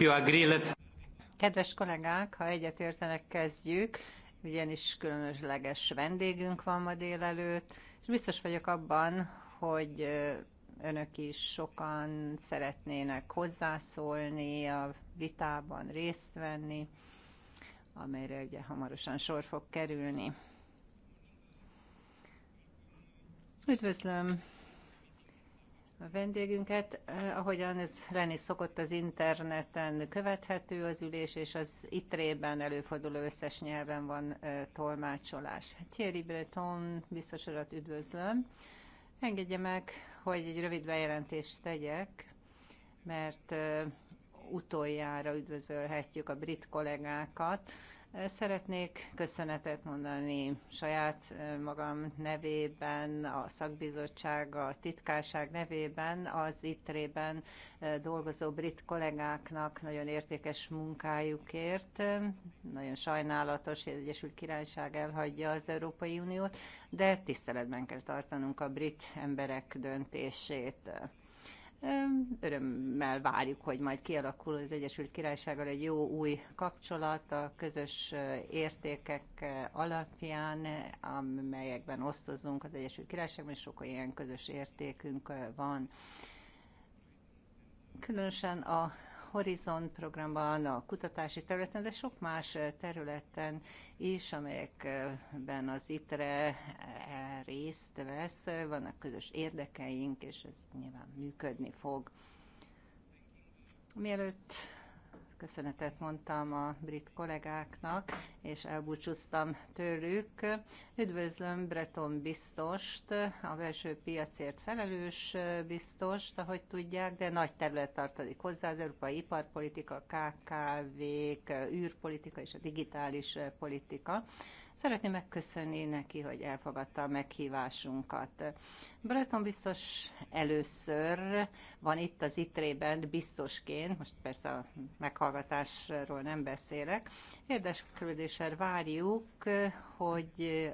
you agree, let's... Kedves kollégák, ha egyetértenek, kezdjük, ugyanis különösleges vendégünk van ma délelőtt, és biztos vagyok abban, hogy önök is sokan szeretnének hozzászólni, a vitában részt venni, amelyre ugye hamarosan sor fog kerülni. Üdvözlöm a vendégünket. Eh, ahogyan ez lenni szokott, az interneten követhető az ülés, és az itrében előforduló összes nyelven van eh, tolmácsolás. Thierry Breton biztos urat üdvözlöm. Engedje meg, hogy egy rövid bejelentést tegyek, mert eh, utoljára üdvözölhetjük a brit kollégákat, Szeretnék köszönetet mondani saját magam nevében, a szakbizottság, a titkárság nevében, az ittrében dolgozó brit kollégáknak nagyon értékes munkájukért. Nagyon sajnálatos, hogy az Egyesült Királyság elhagyja az Európai Uniót, de tiszteletben kell tartanunk a brit emberek döntését. Örömmel várjuk, hogy majd kialakul az Egyesült Királysággal egy jó új kapcsolat a közös értékek alapján, amelyekben osztozunk az Egyesült Királyságban, és sok ilyen közös értékünk van. Különösen a Horizon programban, a kutatási területen, de sok más eh, területen is, amelyekben az ITRE eh, részt vesz, eh, vannak közös érdekeink, és ez nyilván működni fog. Mielőtt köszönetet mondtam a brit kollégáknak, és elbúcsúztam tőlük. Üdvözlöm Breton biztost, a belső piacért felelős biztost, ahogy tudják, de nagy terület tartozik hozzá, az európai iparpolitika, KKV-k, űrpolitika és a digitális politika. Szeretném megköszönni neki, hogy elfogadta a meghívásunkat. Breton biztos először van itt az ITRE-ben biztosként, most persze a meghallgatásról nem beszélek. Érdeklődéssel várjuk, hogy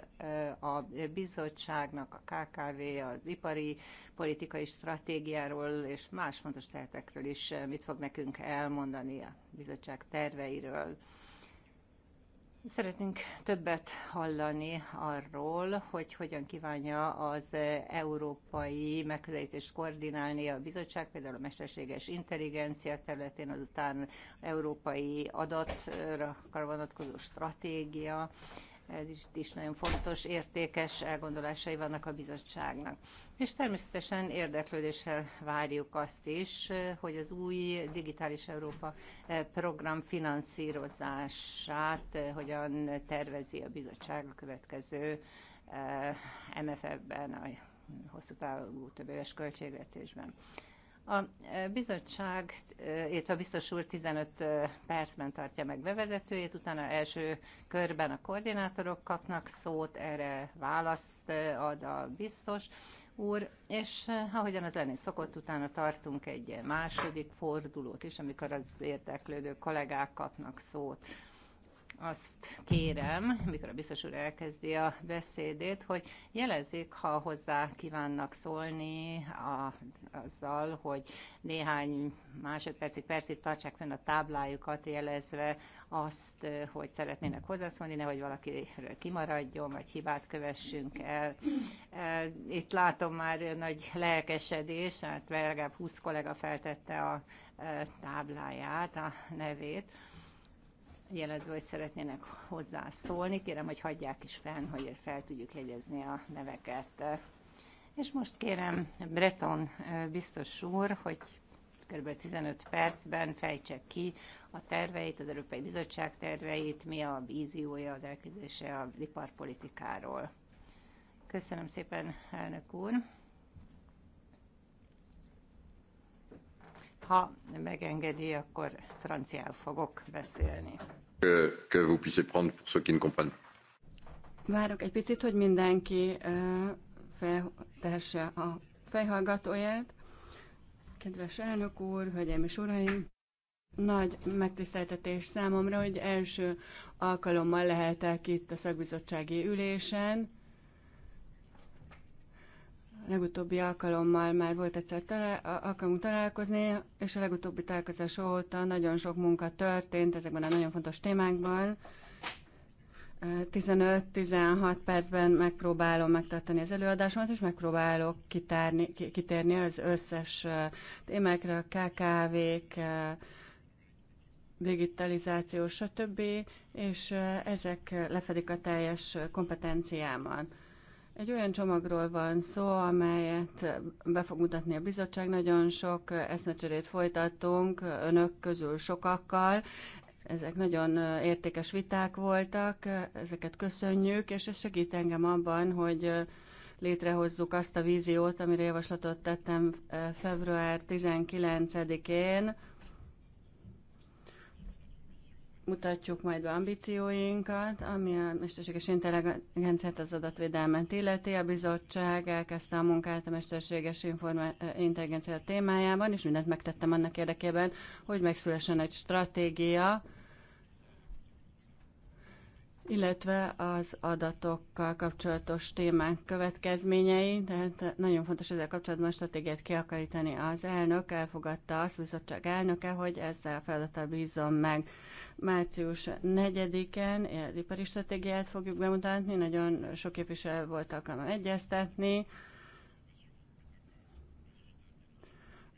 a bizottságnak a KKV, az ipari politikai stratégiáról és más fontos tehetekről is mit fog nekünk elmondani a bizottság terveiről. Szeretnénk többet hallani arról, hogy hogyan kívánja az európai megközelítést koordinálni a bizottság, például a mesterséges intelligencia területén, azután európai adatra vonatkozó stratégia, ez is, is nagyon fontos, értékes elgondolásai vannak a bizottságnak. És természetesen érdeklődéssel várjuk azt is, hogy az új Digitális Európa eh, program finanszírozását eh, hogyan tervezi a bizottság a következő eh, MFF-ben, a hosszú távú többéves költségvetésben. A e, bizottság, e, illetve a biztos úr 15 e, percben tartja meg bevezetőjét, utána első körben a koordinátorok kapnak szót, erre választ ad a biztos úr, és ahogyan az lenni szokott, utána tartunk egy második fordulót is, amikor az érteklődő kollégák kapnak szót azt kérem, mikor a biztos úr elkezdi a beszédét, hogy jelezzék, ha hozzá kívánnak szólni a, azzal, hogy néhány másodpercig, percig tartsák fenn a táblájukat, jelezve azt, hogy szeretnének hozzászólni, nehogy valakiről kimaradjon, vagy hibát kövessünk el. Itt látom már nagy lelkesedés, hát legalább 20 kollega feltette a tábláját, a nevét jelezve, hogy szeretnének hozzászólni. Kérem, hogy hagyják is fenn, hogy fel tudjuk jegyezni a neveket. És most kérem Breton biztos úr, hogy kb. 15 percben fejtsek ki a terveit, az Európai Bizottság terveit, mi a víziója, az elképzelése a iparpolitikáról. Köszönöm szépen, elnök úr! Ha megengedi, akkor franciául fogok beszélni. Que, que vous puissiez prendre pour ceux qui ne comprennent. Várok egy picit, hogy mindenki feltesse a fejhallgatóját. Kedves elnök úr, hölgyeim és uraim! Nagy megtiszteltetés számomra, hogy első alkalommal lehetek itt a szakbizottsági ülésen legutóbbi alkalommal már volt egyszer tele, alkalmunk találkozni, és a legutóbbi találkozás óta nagyon sok munka történt ezekben a nagyon fontos témákban. 15-16 percben megpróbálom megtartani az előadásomat, és megpróbálok kitárni, kitérni az összes témákra, KKV-k, digitalizáció, stb., és ezek lefedik a teljes kompetenciámat. Egy olyan csomagról van szó, amelyet be fog mutatni a bizottság. Nagyon sok eszmecserét folytattunk önök közül sokakkal. Ezek nagyon értékes viták voltak, ezeket köszönjük, és ez segít engem abban, hogy létrehozzuk azt a víziót, amire javaslatot tettem február 19-én, mutatjuk majd be ambícióinkat, ami a mesterséges intelligenciát az adatvédelmet illeti. A bizottság elkezdte a munkát a mesterséges eh, intelligencia témájában, és mindent megtettem annak érdekében, hogy megszülessen egy stratégia, illetve az adatokkal kapcsolatos témák következményei, tehát nagyon fontos ezzel kapcsolatban a stratégiát kiakarítani. Az elnök elfogadta azt, a bizottság elnöke, hogy ezzel a feladattal bízom meg. Március 4-en ipari stratégiát fogjuk bemutatni, nagyon sok képviselő volt alkalmam egyeztetni.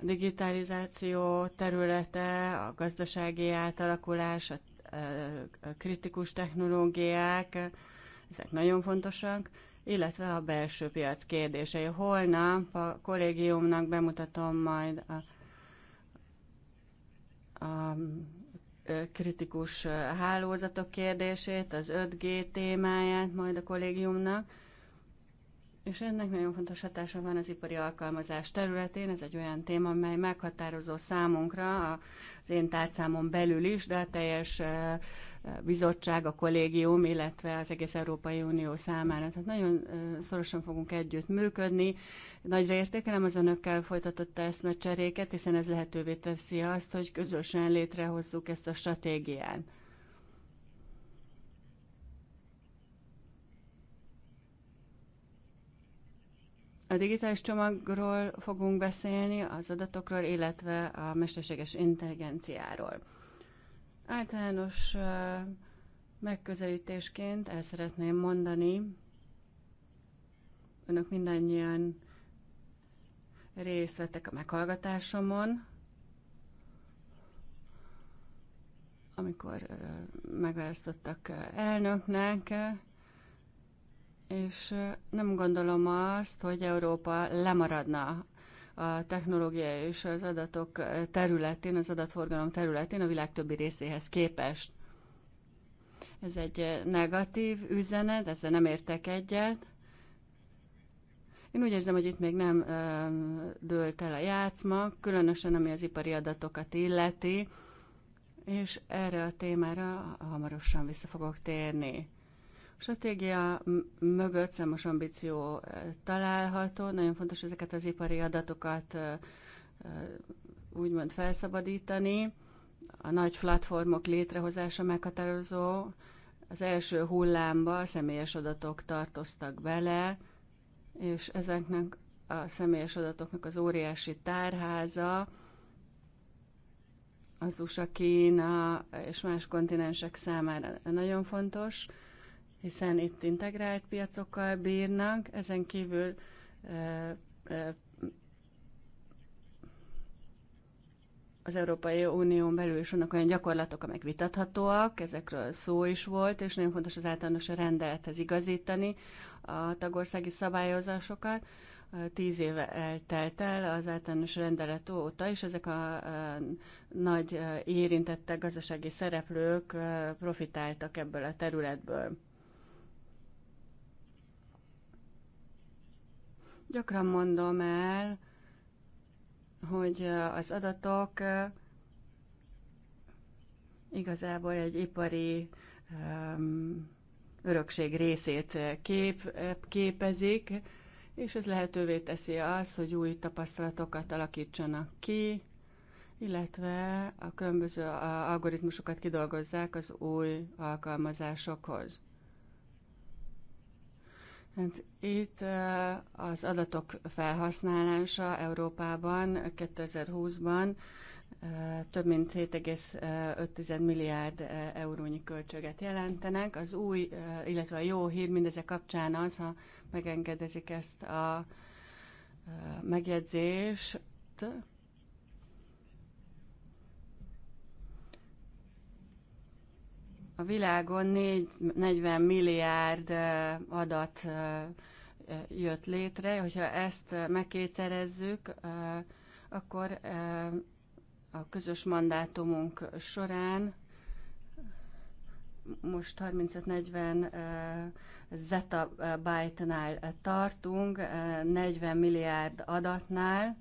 A digitalizáció területe, a gazdasági átalakulás, a kritikus technológiák, ezek nagyon fontosak, illetve a belső piac kérdései. Holnap a kollégiumnak bemutatom majd a, a kritikus hálózatok kérdését, az 5G témáját majd a kollégiumnak, és ennek nagyon fontos hatása van az ipari alkalmazás területén. Ez egy olyan téma, mely meghatározó számunkra az én tárcámon belül is, de a teljes bizottság, a kollégium, illetve az egész Európai Unió számára. Tehát nagyon szorosan fogunk együtt működni. Nagyra értékelem az önökkel folytatott eszmecseréket, hiszen ez lehetővé teszi azt, hogy közösen létrehozzuk ezt a stratégiát. A digitális csomagról fogunk beszélni, az adatokról, illetve a mesterséges intelligenciáról. Általános megközelítésként el szeretném mondani, önök mindannyian részt vettek a meghallgatásomon, amikor megválasztottak elnöknek, és nem gondolom azt, hogy Európa lemaradna a technológia és az adatok területén, az adatforgalom területén a világ többi részéhez képest. Ez egy negatív üzenet, ezzel nem értek egyet. Én úgy érzem, hogy itt még nem ö, dőlt el a játszma, különösen ami az ipari adatokat illeti, és erre a témára hamarosan vissza fogok térni stratégia mögött számos ambíció található, nagyon fontos ezeket az ipari adatokat úgymond felszabadítani. A nagy platformok létrehozása meghatározó. Az első hullámba személyes adatok tartoztak bele, és ezeknek a személyes adatoknak az óriási tárháza, az USA, Kína és más kontinensek számára nagyon fontos hiszen itt integrált piacokkal bírnak, ezen kívül az Európai Unión belül is vannak olyan gyakorlatok, amelyek vitathatóak, ezekről szó is volt, és nagyon fontos az általános rendelethez igazítani a tagországi szabályozásokat. Tíz éve eltelt el az általános rendelet óta, és ezek a nagy érintettek gazdasági szereplők profitáltak ebből a területből. Gyakran mondom el, hogy az adatok igazából egy ipari örökség részét kép, képezik, és ez lehetővé teszi azt, hogy új tapasztalatokat alakítsanak ki, illetve a különböző algoritmusokat kidolgozzák az új alkalmazásokhoz. Hát itt az adatok felhasználása Európában 2020-ban több mint 7,5 milliárd eurónyi költséget jelentenek. Az új, illetve a jó hír mindezek kapcsán az, ha megengedezik ezt a megjegyzést, A világon 4, 40 milliárd adat jött létre, hogyha ezt megkétszerezzük, akkor a közös mandátumunk során most 35-40 zettabájtnál nál tartunk, 40 milliárd adatnál,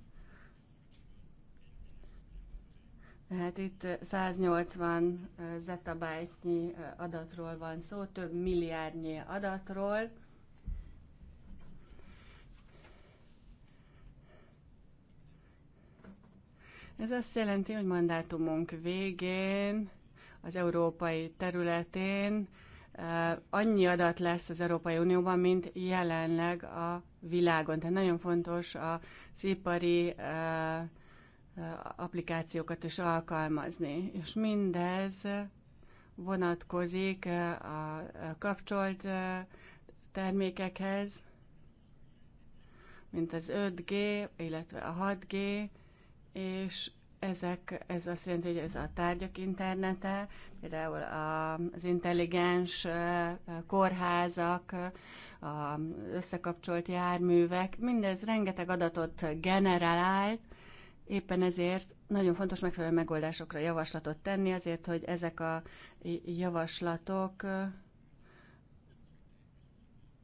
Tehát itt 180 zettabájtnyi adatról van szó, több milliárdnyi adatról. Ez azt jelenti, hogy mandátumunk végén az európai területén annyi adat lesz az Európai Unióban, mint jelenleg a világon. Tehát nagyon fontos az ipari applikációkat is alkalmazni. És mindez vonatkozik eh, a kapcsolt eh, termékekhez, mint az 5G, illetve a 6G, és ezek, ez azt jelenti, hogy ez a tárgyak internete, például az intelligens eh, kórházak, az összekapcsolt járművek, mindez rengeteg adatot generál. Éppen ezért nagyon fontos megfelelő megoldásokra javaslatot tenni, azért, hogy ezek a javaslatok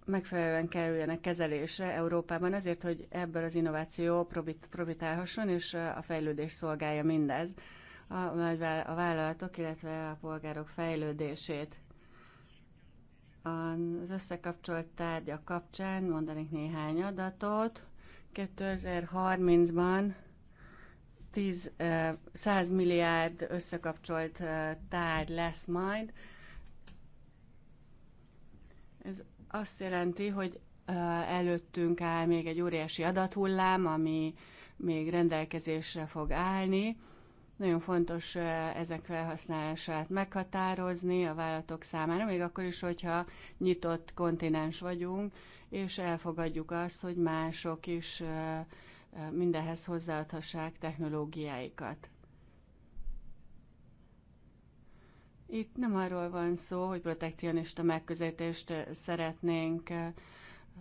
megfelelően kerüljenek kezelésre Európában, azért, hogy ebből az innováció profitálhasson, és a fejlődés szolgálja mindez, a, a vállalatok, illetve a polgárok fejlődését. Az összekapcsolt tárgyak kapcsán mondanék néhány adatot. 2030-ban 10, 100 milliárd összekapcsolt tárgy lesz majd. Ez azt jelenti, hogy előttünk áll még egy óriási adathullám, ami még rendelkezésre fog állni. Nagyon fontos ezek felhasználását meghatározni a vállalatok számára, még akkor is, hogyha nyitott kontinens vagyunk, és elfogadjuk azt, hogy mások is mindehhez hozzáadhassák technológiáikat. Itt nem arról van szó, hogy protekcionista megközelítést szeretnénk eh,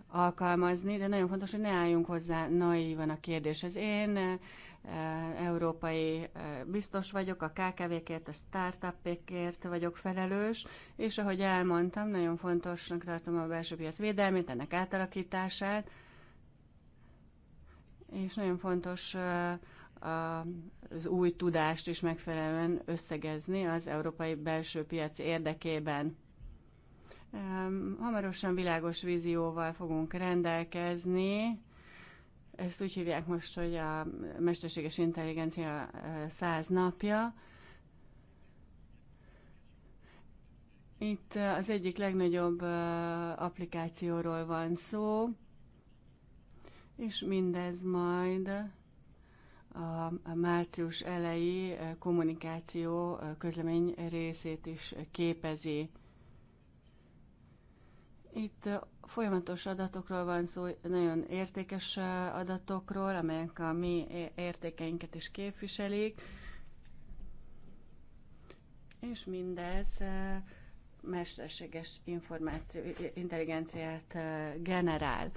alkalmazni, de nagyon fontos, hogy ne álljunk hozzá naívan a kérdéshez. Én eh, eh, európai biztos vagyok, a KKV-kért, a startupékért vagyok felelős, és ahogy elmondtam, nagyon fontosnak tartom a belső piac védelmét, ennek átalakítását, és nagyon fontos az új tudást is megfelelően összegezni az európai belső piac érdekében. Hamarosan világos vízióval fogunk rendelkezni. Ezt úgy hívják most, hogy a mesterséges intelligencia száz napja. Itt az egyik legnagyobb applikációról van szó, és mindez majd a március elejé eh, kommunikáció eh, közlemény részét is képezi. Itt eh, folyamatos adatokról van szó, nagyon értékes adatokról, amelyek a mi értékeinket is képviselik, és mindez mesterséges információ, intelligenciát generál.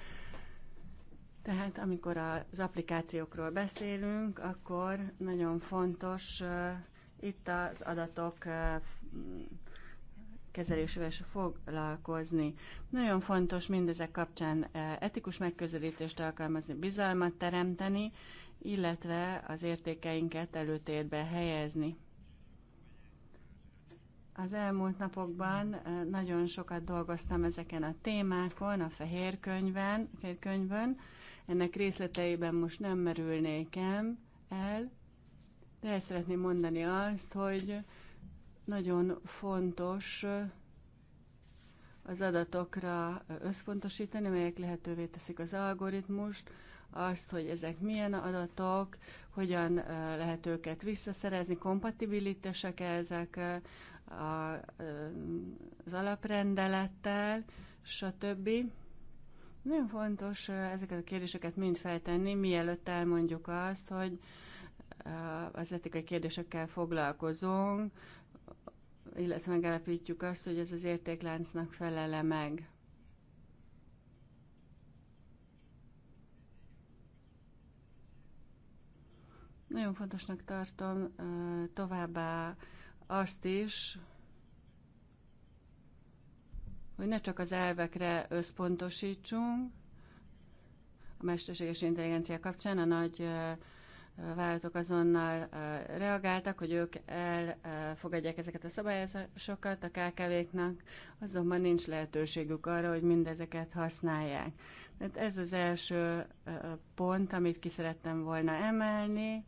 Tehát amikor az applikációkról beszélünk, akkor nagyon fontos itt az adatok kezelésével is foglalkozni. Nagyon fontos mindezek kapcsán etikus megközelítést alkalmazni, bizalmat teremteni, illetve az értékeinket előtérbe helyezni. Az elmúlt napokban nagyon sokat dolgoztam ezeken a témákon, a fehér könyvön, fehér könyvön, ennek részleteiben most nem merülnék el, de el szeretném mondani azt, hogy nagyon fontos az adatokra összpontosítani, melyek lehetővé teszik az algoritmust, azt, hogy ezek milyen adatok, hogyan lehet őket visszaszerezni, kompatibilitesek ezek az alaprendelettel, stb. Nagyon fontos ezeket a kérdéseket mind feltenni, mielőtt elmondjuk azt, hogy az etikai kérdésekkel foglalkozunk, illetve megállapítjuk azt, hogy ez az értékláncnak felele meg. Nagyon fontosnak tartom továbbá azt is, hogy ne csak az elvekre összpontosítsunk, a mesterséges intelligencia kapcsán a nagy váltok azonnal reagáltak, hogy ők elfogadják ezeket a szabályozásokat a KKV-knak, azonban nincs lehetőségük arra, hogy mindezeket használják. Tehát ez az első pont, amit ki szerettem volna emelni.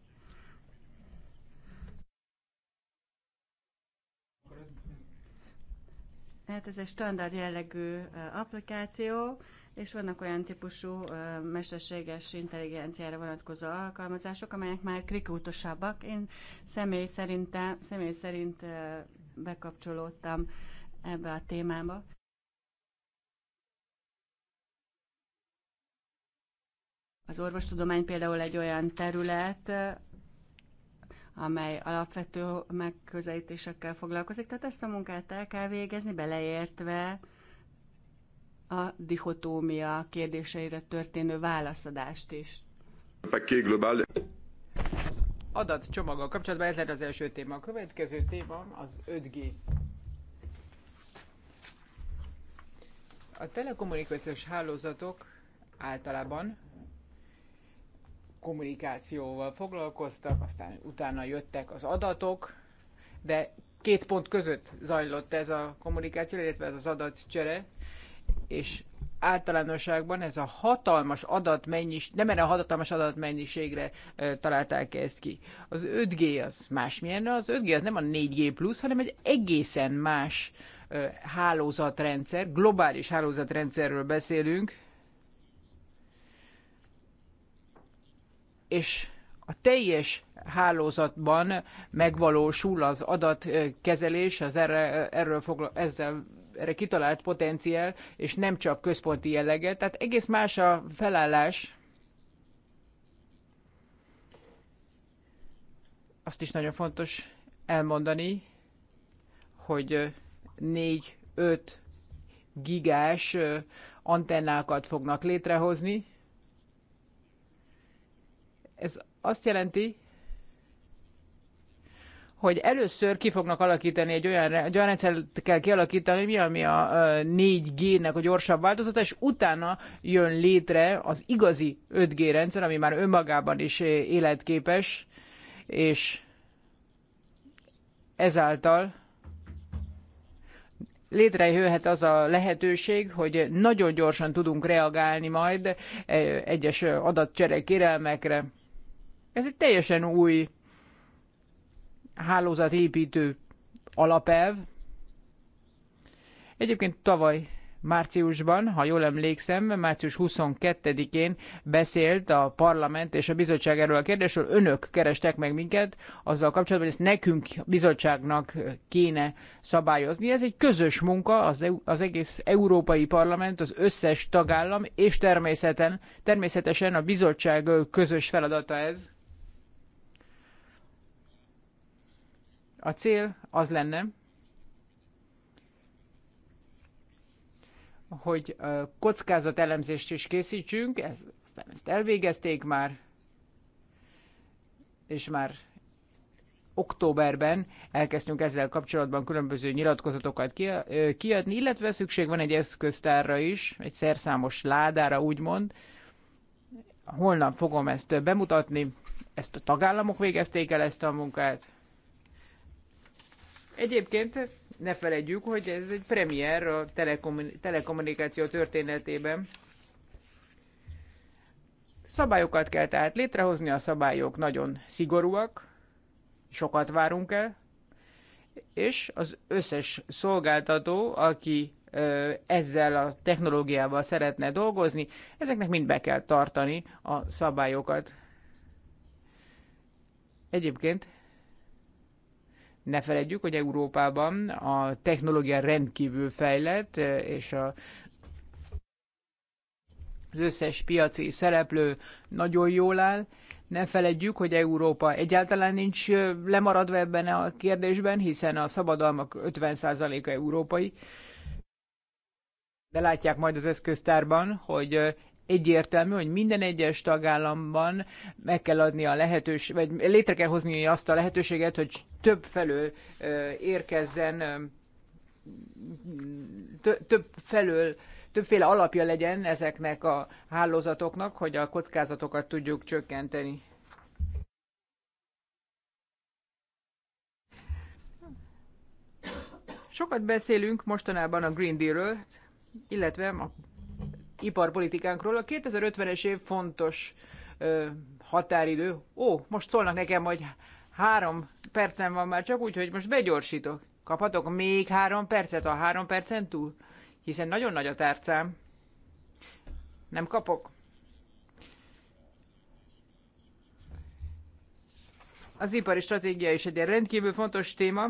Hát ez egy standard jellegű applikáció, és vannak olyan típusú mesterséges intelligenciára vonatkozó alkalmazások, amelyek már krikútosabbak. Én személy, szerinte, személy szerint bekapcsolódtam ebbe a témába. Az orvostudomány például egy olyan terület, amely alapvető megközelítésekkel foglalkozik. Tehát ezt a munkát el kell végezni, beleértve a dichotómia kérdéseire történő válaszadást is. Az adatcsomaggal kapcsolatban ez lett az első téma. A következő téma az 5G. A telekommunikációs hálózatok általában kommunikációval foglalkoztak, aztán utána jöttek az adatok, de két pont között zajlott ez a kommunikáció, illetve ez az adatcsere, és általánosságban ez a hatalmas adatmennyiség, nem erre a hatalmas adatmennyiségre e, találták ezt ki. Az 5G az másmilyen, az 5G az nem a 4G plusz, hanem egy egészen más e, hálózatrendszer, globális hálózatrendszerről beszélünk, és a teljes hálózatban megvalósul az adatkezelés, az erre, erről fogla, ezzel erre kitalált potenciál, és nem csak központi jellege, tehát egész más a felállás. Azt is nagyon fontos elmondani, hogy 4-5 gigás antennákat fognak létrehozni, ez azt jelenti, hogy először ki fognak alakítani egy olyan, egy olyan rendszert kell kialakítani, mi ami a 4G-nek a gyorsabb változata, és utána jön létre az igazi 5G rendszer, ami már önmagában is életképes, és ezáltal létrejöhet az a lehetőség, hogy nagyon gyorsan tudunk reagálni majd egyes adatcsere kérelmekre. Ez egy teljesen új hálózatépítő alapelv. Egyébként tavaly márciusban, ha jól emlékszem, március 22-én beszélt a parlament és a bizottság erről a kérdésről. Önök kerestek meg minket azzal kapcsolatban, hogy ezt nekünk, bizottságnak kéne szabályozni. Ez egy közös munka, az, az egész Európai Parlament, az összes tagállam, és természeten, természetesen a bizottság közös feladata ez. A cél az lenne, hogy kockázatelemzést is készítsünk, ez, ezt elvégezték már, és már októberben elkezdtünk ezzel kapcsolatban különböző nyilatkozatokat kiadni, illetve szükség van egy eszköztárra is, egy szerszámos ládára úgymond. Holnap fogom ezt bemutatni, ezt a tagállamok végezték el ezt a munkát, Egyébként ne felejtjük, hogy ez egy premier a telekommun- telekommunikáció történetében. Szabályokat kell tehát létrehozni, a szabályok nagyon szigorúak, sokat várunk el, és az összes szolgáltató, aki ezzel a technológiával szeretne dolgozni, ezeknek mind be kell tartani a szabályokat. Egyébként ne felejtjük, hogy Európában a technológia rendkívül fejlett, és a az összes piaci szereplő nagyon jól áll. Ne feledjük, hogy Európa egyáltalán nincs lemaradva ebben a kérdésben, hiszen a szabadalmak 50%-a európai. De látják majd az eszköztárban, hogy egyértelmű, hogy minden egyes tagállamban meg kell adni a lehetőséget, vagy létre kell hozni azt a lehetőséget, hogy több felől érkezzen, több felől többféle alapja legyen ezeknek a hálózatoknak, hogy a kockázatokat tudjuk csökkenteni. Sokat beszélünk mostanában a Green Deal-ről, illetve a iparpolitikánkról. A 2050-es év fontos ö, határidő. Ó, most szólnak nekem, hogy három percen van már csak, úgy, hogy most begyorsítok. Kaphatok még három percet a három percen túl? Hiszen nagyon nagy a tárcám. Nem kapok? Az ipari stratégia is egy rendkívül fontos téma.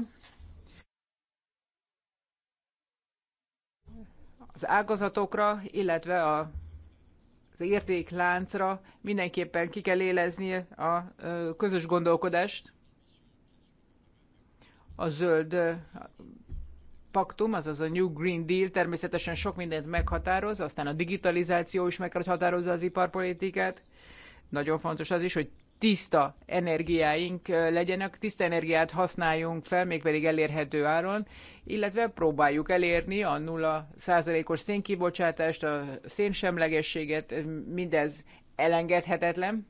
az ágazatokra, illetve a, az értékláncra mindenképpen ki kell élezni a közös gondolkodást. A zöld paktum, azaz a New Green Deal természetesen sok mindent meghatároz, aztán a digitalizáció is meg kell, hogy határozza az iparpolitikát. Nagyon fontos az is, hogy tiszta energiáink legyenek, tiszta energiát használjunk fel, mégpedig elérhető áron, illetve próbáljuk elérni a nulla százalékos szénkibocsátást, a szénsemlegességet, mindez elengedhetetlen.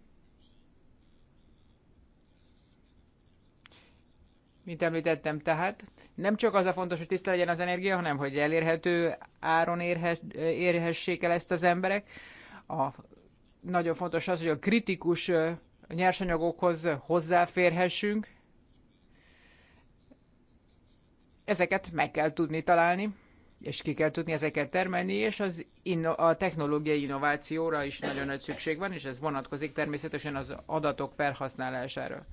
Mint említettem, tehát nem csak az a fontos, hogy tiszta legyen az energia, hanem hogy elérhető áron érhessék el ezt az emberek. A, nagyon fontos az, hogy a kritikus a nyersanyagokhoz hozzáférhessünk. Ezeket meg kell tudni találni, és ki kell tudni ezeket termelni, és az inno- a technológiai innovációra is nagyon nagy szükség van, és ez vonatkozik természetesen az adatok felhasználására.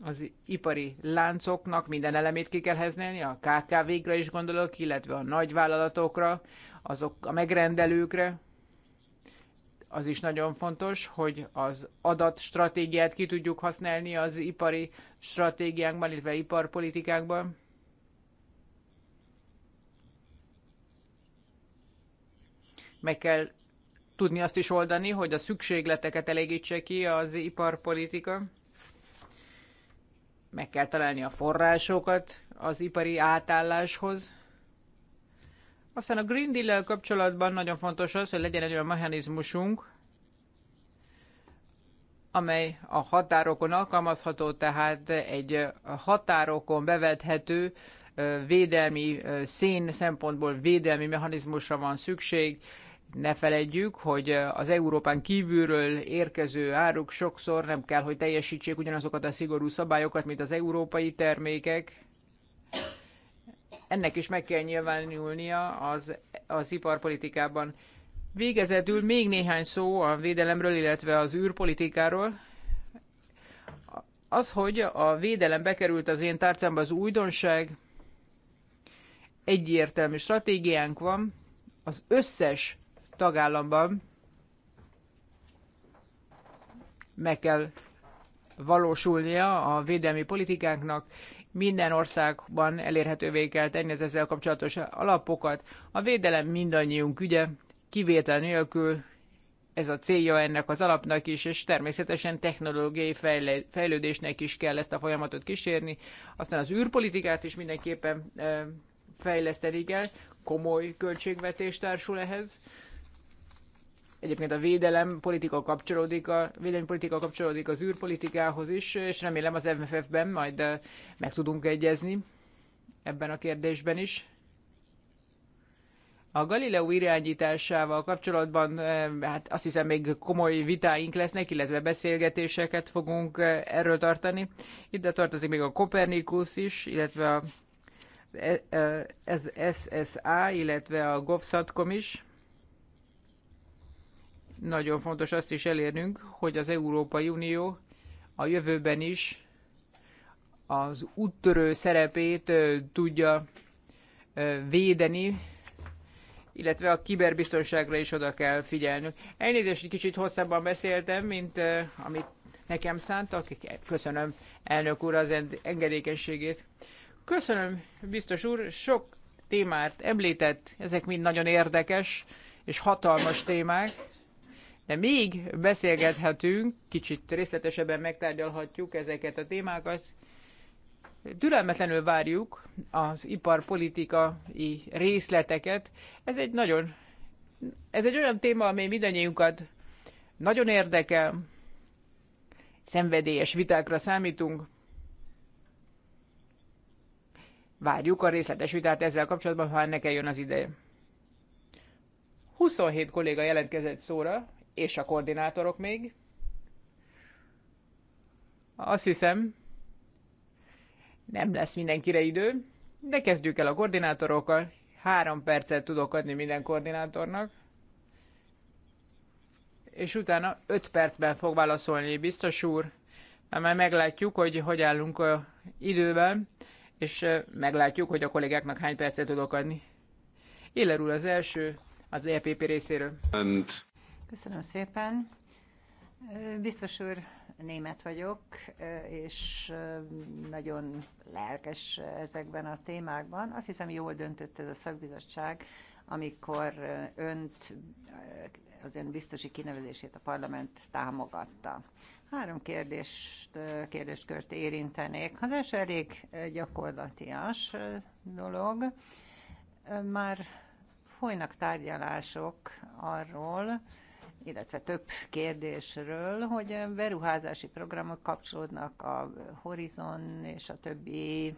Az ipari láncoknak minden elemét ki kell heznélni, a KKV-kra is gondolok, illetve a nagyvállalatokra, azok a megrendelőkre, az is nagyon fontos, hogy az adatstratégiát ki tudjuk használni az ipari stratégiánkban, illetve iparpolitikákban. Meg kell tudni azt is oldani, hogy a szükségleteket elégítse ki az iparpolitika. Meg kell találni a forrásokat az ipari átálláshoz. Aztán a Green Deal-lel kapcsolatban nagyon fontos az, hogy legyen egy olyan mechanizmusunk, amely a határokon alkalmazható, tehát egy határokon bevethető védelmi szén szempontból védelmi mechanizmusra van szükség. Ne feledjük, hogy az Európán kívülről érkező áruk sokszor nem kell, hogy teljesítsék ugyanazokat a szigorú szabályokat, mint az európai termékek ennek is meg kell nyilvánulnia az, az iparpolitikában. Végezetül még néhány szó a védelemről, illetve az űrpolitikáról. Az, hogy a védelem bekerült az én tárcámba az újdonság, egyértelmű stratégiánk van az összes tagállamban, meg kell valósulnia a védelmi politikánknak, minden országban elérhetővé kell tenni az ezzel kapcsolatos alapokat. A védelem mindannyiunk ügye, kivétel nélkül ez a célja ennek az alapnak is, és természetesen technológiai fejlődésnek is kell ezt a folyamatot kísérni. Aztán az űrpolitikát is mindenképpen eh, fejleszteni kell, komoly költségvetés társul ehhez. Egyébként a védelem politika kapcsolódik, a védelmi politika kapcsolódik az űrpolitikához is, és remélem az MFF-ben majd meg tudunk egyezni ebben a kérdésben is. A Galileo irányításával kapcsolatban hát azt hiszem még komoly vitáink lesznek, illetve beszélgetéseket fogunk erről tartani. Ide tartozik még a Kopernikus is, illetve a e, SSA, illetve a GovSatcom is. Nagyon fontos azt is elérnünk, hogy az Európai Unió a jövőben is az úttörő szerepét tudja védeni, illetve a kiberbiztonságra is oda kell figyelnünk. Elnézést, hogy kicsit hosszabban beszéltem, mint amit nekem szántak. Köszönöm elnök úr az engedékenységét. Köszönöm, biztos úr, sok témát említett, ezek mind nagyon érdekes és hatalmas témák de még beszélgethetünk, kicsit részletesebben megtárgyalhatjuk ezeket a témákat. Türelmetlenül várjuk az iparpolitikai részleteket. Ez egy nagyon, ez egy olyan téma, ami mindannyiunkat nagyon érdekel, szenvedélyes vitákra számítunk. Várjuk a részletes vitát ezzel kapcsolatban, ha ennek eljön az ideje. 27 kolléga jelentkezett szóra, és a koordinátorok még. Azt hiszem, nem lesz mindenkire idő, de kezdjük el a koordinátorokkal. Három percet tudok adni minden koordinátornak, és utána öt percben fog válaszolni, biztos úr, mert már meglátjuk, hogy hogy állunk a időben, és meglátjuk, hogy a kollégáknak hány percet tudok adni. Éler úr az első, az EPP részéről. And... Köszönöm szépen. Biztos úr, német vagyok, és nagyon lelkes ezekben a témákban. Azt hiszem, jól döntött ez a szakbizottság, amikor önt, az ön biztosi kinevezését a parlament támogatta. Három kérdést, kérdéskört érintenék. Az első elég gyakorlatias dolog. Már folynak tárgyalások arról, illetve több kérdésről, hogy beruházási programok kapcsolódnak a Horizon és a többi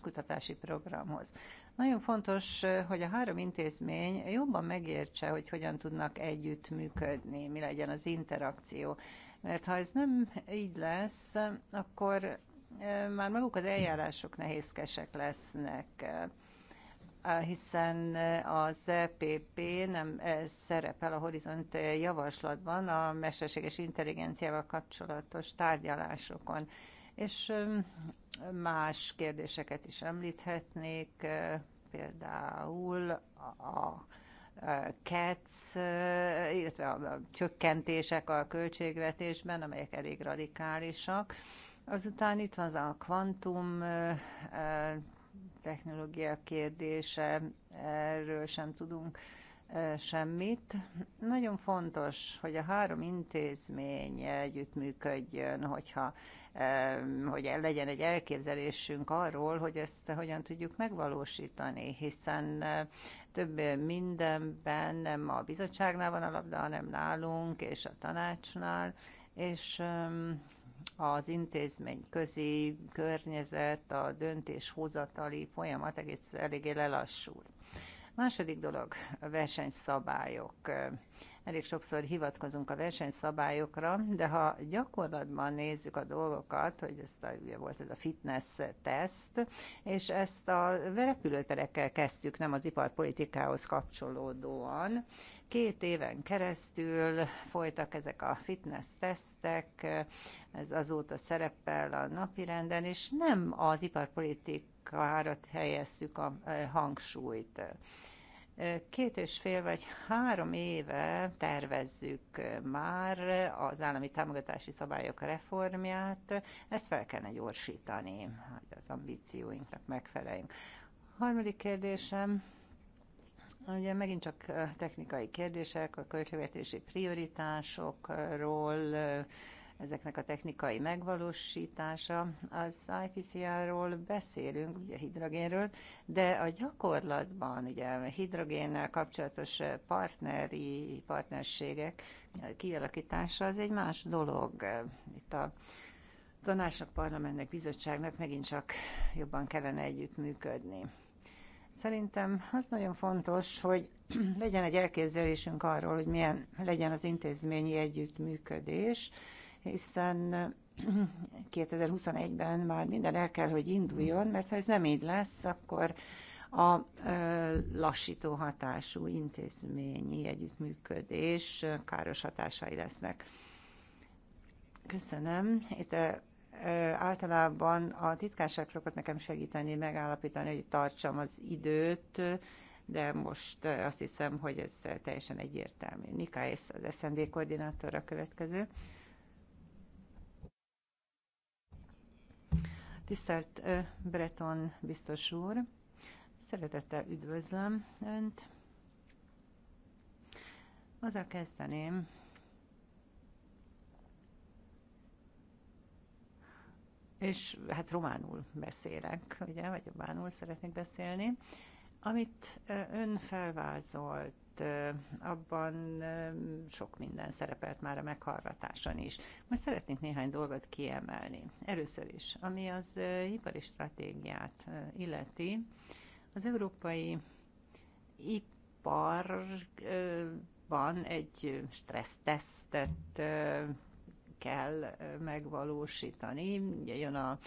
kutatási programhoz. Nagyon fontos, hogy a három intézmény jobban megértse, hogy hogyan tudnak működni, mi legyen az interakció. Mert ha ez nem így lesz, akkor már maguk az eljárások nehézkesek lesznek hiszen az EPP nem eh, szerepel a Horizont eh, javaslatban a mesterséges intelligenciával kapcsolatos tárgyalásokon. És eh, más kérdéseket is említhetnék, például a CATS, illetve a csökkentések a költségvetésben, amelyek elég radikálisak. Azután itt van az a kvantum technológia kérdése, erről sem tudunk e, semmit. Nagyon fontos, hogy a három intézmény együttműködjön, hogyha e, hogy legyen egy elképzelésünk arról, hogy ezt hogyan tudjuk megvalósítani, hiszen e, több mindenben nem a bizottságnál van a labda, hanem nálunk és a tanácsnál, és az intézmény közi környezet, a döntéshozatali folyamat egész eléggé lelassul. Második dolog, a versenyszabályok. Elég sokszor hivatkozunk a versenyszabályokra, de ha gyakorlatban nézzük a dolgokat, hogy ezt a, ugye volt ez a fitness teszt, és ezt a repülőterekkel kezdtük, nem az iparpolitikához kapcsolódóan, Két éven keresztül folytak ezek a fitness tesztek, ez azóta szerepel a napirenden, és nem az iparpolitikára helyezzük a e, hangsúlyt e, két és fél vagy három éve tervezzük már az állami támogatási szabályok reformját. Ezt fel kellene gyorsítani, hogy az ambícióinknak megfeleljünk. harmadik kérdésem Ugye megint csak technikai kérdések, a költségvetési prioritásokról, ezeknek a technikai megvalósítása. Az IPCR-ról beszélünk, ugye hidrogénről, de a gyakorlatban ugye hidrogénnel kapcsolatos partneri partnerségek kialakítása az egy más dolog. Itt a tanácsnak, parlamentnek, bizottságnak megint csak jobban kellene együttműködni. Szerintem az nagyon fontos, hogy legyen egy elképzelésünk arról, hogy milyen legyen az intézményi együttműködés, hiszen 2021-ben már minden el kell, hogy induljon, mert ha ez nem így lesz, akkor a lassító hatású intézményi együttműködés káros hatásai lesznek. Köszönöm. Itt általában a titkárság szokott nekem segíteni, megállapítani, hogy tartsam az időt, de most azt hiszem, hogy ez teljesen egyértelmű. Nika és az SND koordinátor a következő. Tisztelt Breton biztos úr, szeretettel üdvözlöm Önt. Azzal kezdeném, és hát románul beszélek, ugye, vagy románul szeretnék beszélni. Amit ön felvázolt, abban sok minden szerepelt már a meghallgatáson is. Most szeretnék néhány dolgot kiemelni. Először is, ami az ipari stratégiát illeti, az európai iparban egy stressztesztet kell megvalósítani. Ugye jön a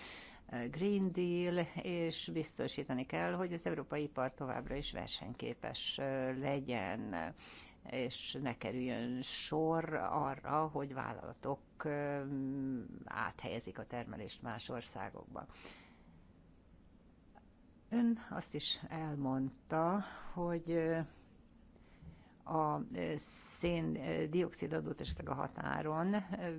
Green Deal, és biztosítani kell, hogy az európai ipar továbbra is versenyképes legyen, és ne kerüljön sor arra, hogy vállalatok áthelyezik a termelést más országokba. Ön azt is elmondta, hogy a szén-dioxid adót esetleg a határon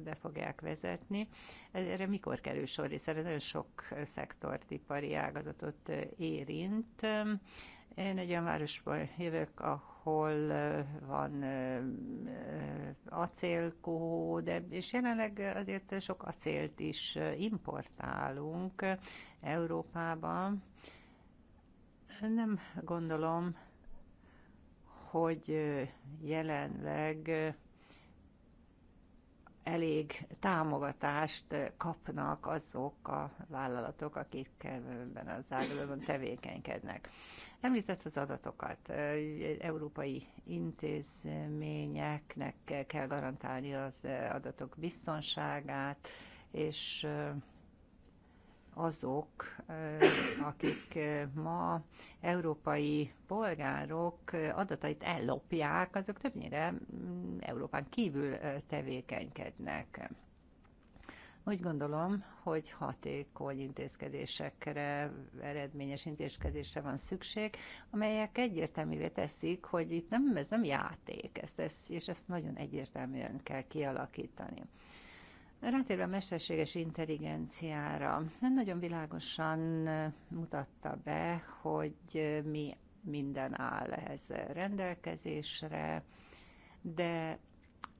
be fogják vezetni. Erre mikor kerül sor, és ez nagyon sok szektort, ipari ágazatot érint. Én egy olyan városból jövök, ahol van acélkó, de és jelenleg azért sok acélt is importálunk Európába. Nem gondolom, hogy jelenleg elég támogatást kapnak azok a vállalatok, akik ebben az ágazatban tevékenykednek. Említett az adatokat. Európai intézményeknek kell garantálni az adatok biztonságát, és azok, akik ma európai polgárok adatait ellopják, azok többnyire mm, Európán kívül tevékenykednek. Úgy gondolom, hogy hatékony intézkedésekre, eredményes intézkedésre van szükség, amelyek egyértelművé teszik, hogy itt nem, ez nem játék, ezt, ezt, és ezt nagyon egyértelműen kell kialakítani. Rátérve a mesterséges intelligenciára, nagyon világosan mutatta be, hogy mi minden áll ehhez rendelkezésre, de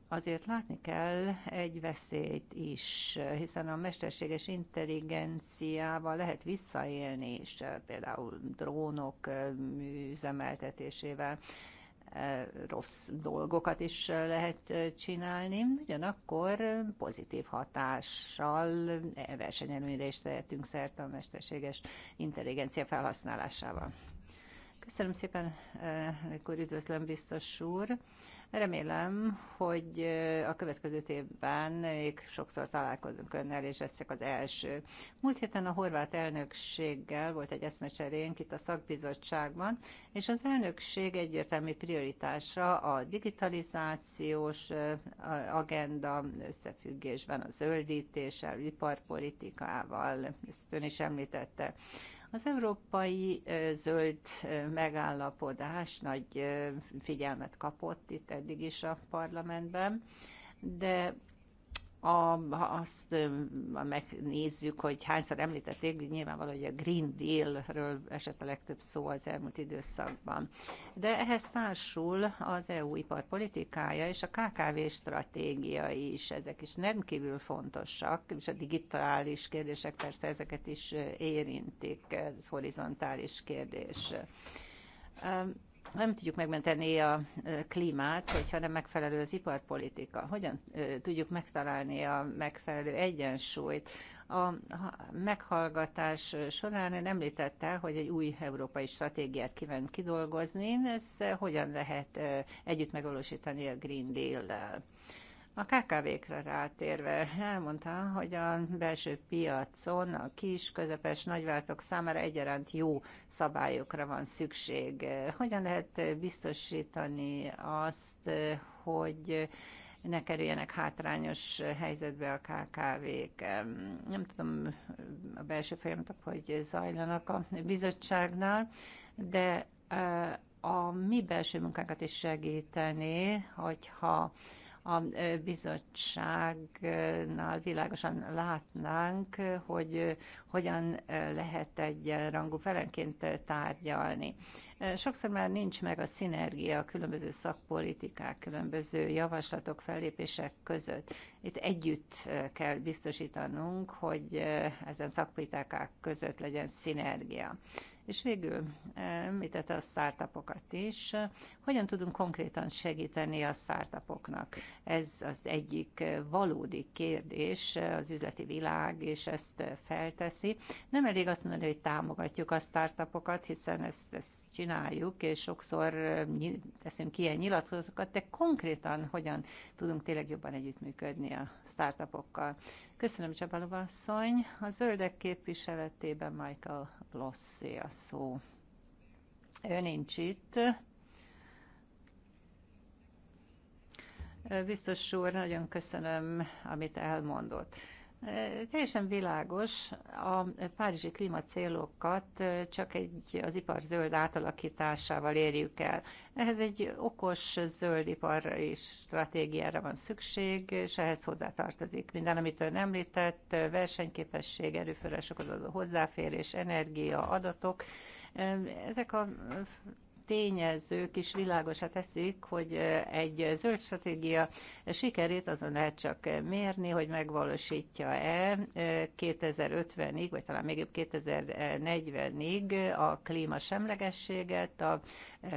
azért látni kell egy veszélyt is, hiszen a mesterséges intelligenciával lehet visszaélni is, például drónok üzemeltetésével rossz dolgokat is lehet csinálni, ugyanakkor pozitív hatással versenyelőnyre is tehetünk szert a mesterséges intelligencia felhasználásával. Köszönöm szépen, amikor eh, üdvözlöm, biztos úr. Remélem, hogy eh, a következő évben még sokszor találkozunk önnel, és ez csak az első. Múlt héten a horvát elnökséggel volt egy eszmecserénk itt a szakbizottságban, és az elnökség egyértelmű prioritása a digitalizációs eh, agenda összefüggésben a zöldítéssel, iparpolitikával, ezt ön is említette. Az európai zöld megállapodás nagy figyelmet kapott itt eddig is a parlamentben, de a, azt megnézzük, hogy hányszor említették, nyilvánvaló, hogy a Green Deal-ről esett a legtöbb szó az elmúlt időszakban. De ehhez társul az EU iparpolitikája és a KKV stratégia is. Ezek is rendkívül fontosak, és a digitális kérdések persze ezeket is érintik, ez horizontális kérdés nem tudjuk megmenteni a klímát, hogyha nem megfelelő az iparpolitika. Hogyan tudjuk megtalálni a megfelelő egyensúlyt? A meghallgatás során nem említette, hogy egy új európai stratégiát kíván kidolgozni. Ez hogyan lehet együtt megvalósítani a Green Deal-lel? A KKV-kra rátérve elmondta, hogy a belső piacon a kis, közepes nagyvállalatok számára egyaránt jó szabályokra van szükség. Hogyan lehet biztosítani azt, hogy ne kerüljenek hátrányos helyzetbe a KKV-k. Nem tudom a belső folyamatok, hogy zajlanak a bizottságnál, de e, a mi belső munkánkat is segíteni, hogyha a bizottságnál világosan látnánk, hogy hogyan lehet egy rangú felenként tárgyalni. Sokszor már nincs meg a szinergia a különböző szakpolitikák, különböző javaslatok, fellépések között. Itt együtt kell biztosítanunk, hogy ezen szakpolitikák között legyen szinergia. És végül eh, említette a startupokat is. Hogyan tudunk konkrétan segíteni a startupoknak? Ez az egyik eh, valódi kérdés, eh, az üzleti világ, és ezt felteszi. Nem elég azt mondani, hogy támogatjuk a startupokat, hiszen ezt, ezt csináljuk, és sokszor teszünk ilyen nyilatkozatokat, de konkrétan hogyan tudunk tényleg jobban együttműködni a startupokkal. Köszönöm Csabalova asszony. A zöldek képviseletében Michael Lossi a szó. Ő nincs itt. Biztos úr, nagyon köszönöm, amit elmondott. Teljesen világos, a párizsi klímacélokat csak egy, az ipar zöld átalakításával érjük el. Ehhez egy okos zöld ipar és stratégiára van szükség, és ehhez hozzátartozik minden, amit ön említett, versenyképesség, erőforrásokhoz hozzáférés, energia, adatok. Ezek a tényezők is világosat teszik, hogy egy zöld stratégia sikerét azon lehet csak mérni, hogy megvalósítja-e 2050-ig, vagy talán még jobb 2040-ig a semlegességet a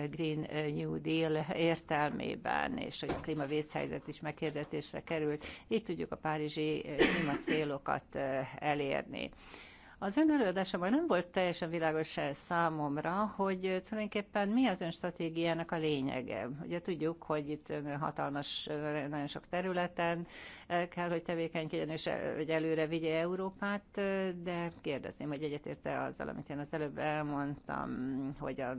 Green New Deal értelmében, és hogy a klímavészhelyzet is megkérdetésre került. Így tudjuk a párizsi klímacélokat elérni. Az ön előadásában nem volt teljesen világos számomra, hogy tulajdonképpen mi az ön stratégiának a lényege. Ugye tudjuk, hogy itt hatalmas, nagyon sok területen eh, kell, hogy tevékenykedjen, és eh, hogy előre vigye Európát, eh, de kérdezném, hogy egyetérte azzal, amit én az előbb elmondtam, hogy a,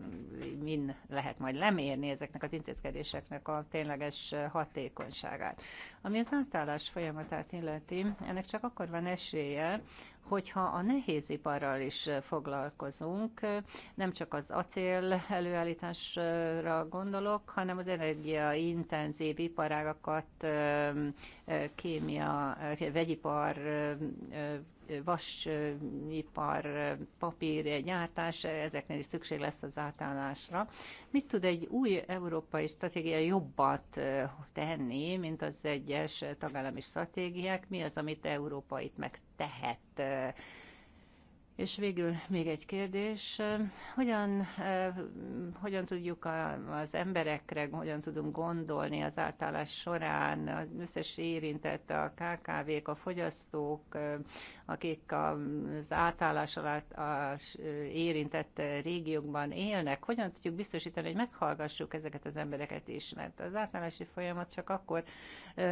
min lehet majd lemérni ezeknek az intézkedéseknek a tényleges hatékonyságát. Ami az átállás folyamatát illeti, ennek csak akkor van esélye, hogyha a nehéziparral is foglalkozunk, nem csak az acél előállításra gondolok, hanem az energiaintenzív iparágakat kémia, vegyipar, vasipar, papír, gyártás, ezeknél is szükség lesz az átállásra. Mit tud egy új európai stratégia jobbat tenni, mint az egyes tagállami stratégiák? Mi az, amit Európa itt megtehet? És végül még egy kérdés, hogyan, eh, hogyan tudjuk az emberekre, hogyan tudunk gondolni az átállás során, az összes érintett, a KKV-k, a fogyasztók, eh, akik az átállás alatt az eh, érintett régiókban élnek, hogyan tudjuk biztosítani, hogy meghallgassuk ezeket az embereket is, mert az átállási folyamat csak akkor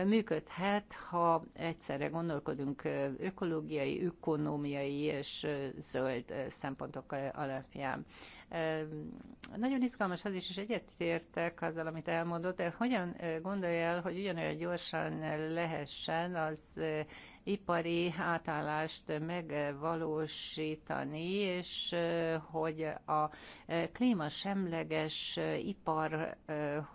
működhet, ha egyszerre gondolkodunk ökológiai, ökonómiai és zöld szempontok alapján. Nagyon izgalmas az is, és egyetértek azzal, amit elmondott, de hogyan gondolja el, hogy ugyanolyan gyorsan lehessen az ipari átállást megvalósítani, és hogy a klímasemleges ipar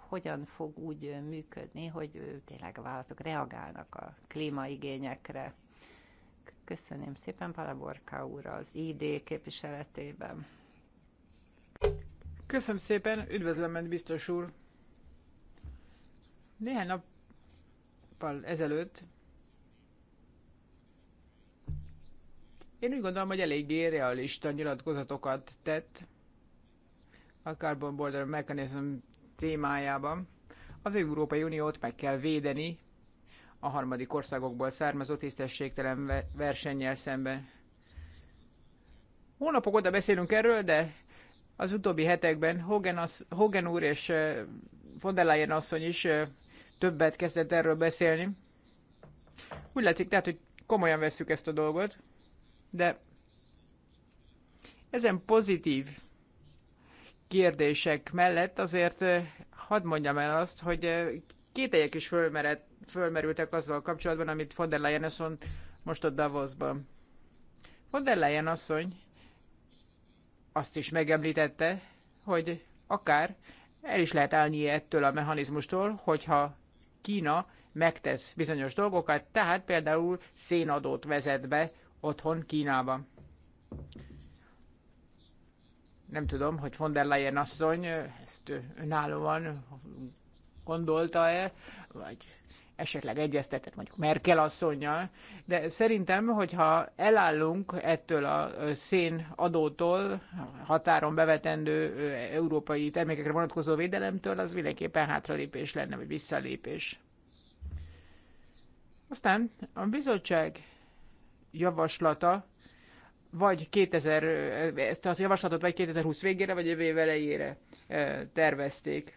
hogyan fog úgy működni, hogy tényleg a vállalatok reagálnak a klímaigényekre. Köszönöm szépen Palaborka úr az ID képviseletében. Köszönöm szépen, üdvözlöm, biztos úr. Néhány nappal ezelőtt Én úgy gondolom, hogy eléggé realista nyilatkozatokat tett a Carbon Border Mechanism témájában. Az Európai Uniót meg kell védeni a harmadik országokból származó tisztességtelen versennyel szemben. Hónapok oda beszélünk erről, de az utóbbi hetekben Hogan, az, Hogan úr és von der Leyen asszony is többet kezdett erről beszélni. Úgy látszik tehát, hogy komolyan vesszük ezt a dolgot, de ezen pozitív kérdések mellett azért hadd mondjam el azt, hogy kételyek is fölmerett, fölmerültek azzal kapcsolatban, amit von der Leyen asszony most a Davosban. Von der Leyen asszony azt is megemlítette, hogy akár el is lehet állni ettől a mechanizmustól, hogyha Kína megtesz bizonyos dolgokat, tehát például szénadót vezet be otthon Kínában. Nem tudom, hogy von der Leyen asszony ezt önállóan gondolta-e, vagy esetleg egyeztetett mondjuk Merkel asszonynal, de szerintem, hogyha elállunk ettől a szén adótól, határon bevetendő európai termékekre vonatkozó védelemtől, az mindenképpen hátralépés lenne, vagy visszalépés. Aztán a bizottság javaslata vagy 2000, ezt a javaslatot vagy 2020 végére, vagy jövő elejére tervezték.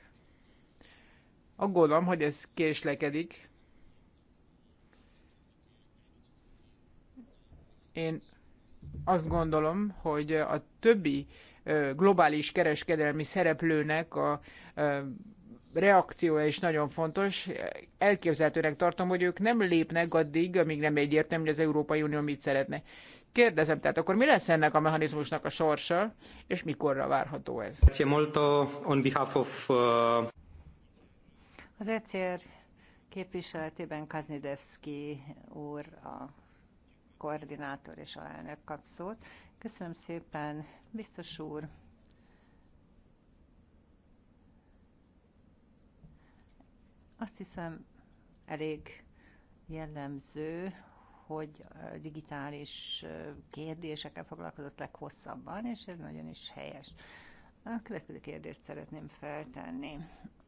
Aggódom, hogy ez késlekedik. Én azt gondolom, hogy a többi globális kereskedelmi szereplőnek a reakciója is nagyon fontos. Elképzelhetőnek tartom, hogy ők nem lépnek addig, amíg nem egyértelmű, hogy az Európai Unió mit szeretne. Kérdezem, tehát akkor mi lesz ennek a mechanizmusnak a sorsa, és mikorra várható ez? Uh, az ECR képviseletében Kaznidevski úr a koordinátor és alelnök kap szót. Köszönöm szépen, biztos úr! Azt hiszem, elég jellemző, hogy digitális kérdésekkel foglalkozott leghosszabban, és ez nagyon is helyes. A következő kérdést szeretném feltenni.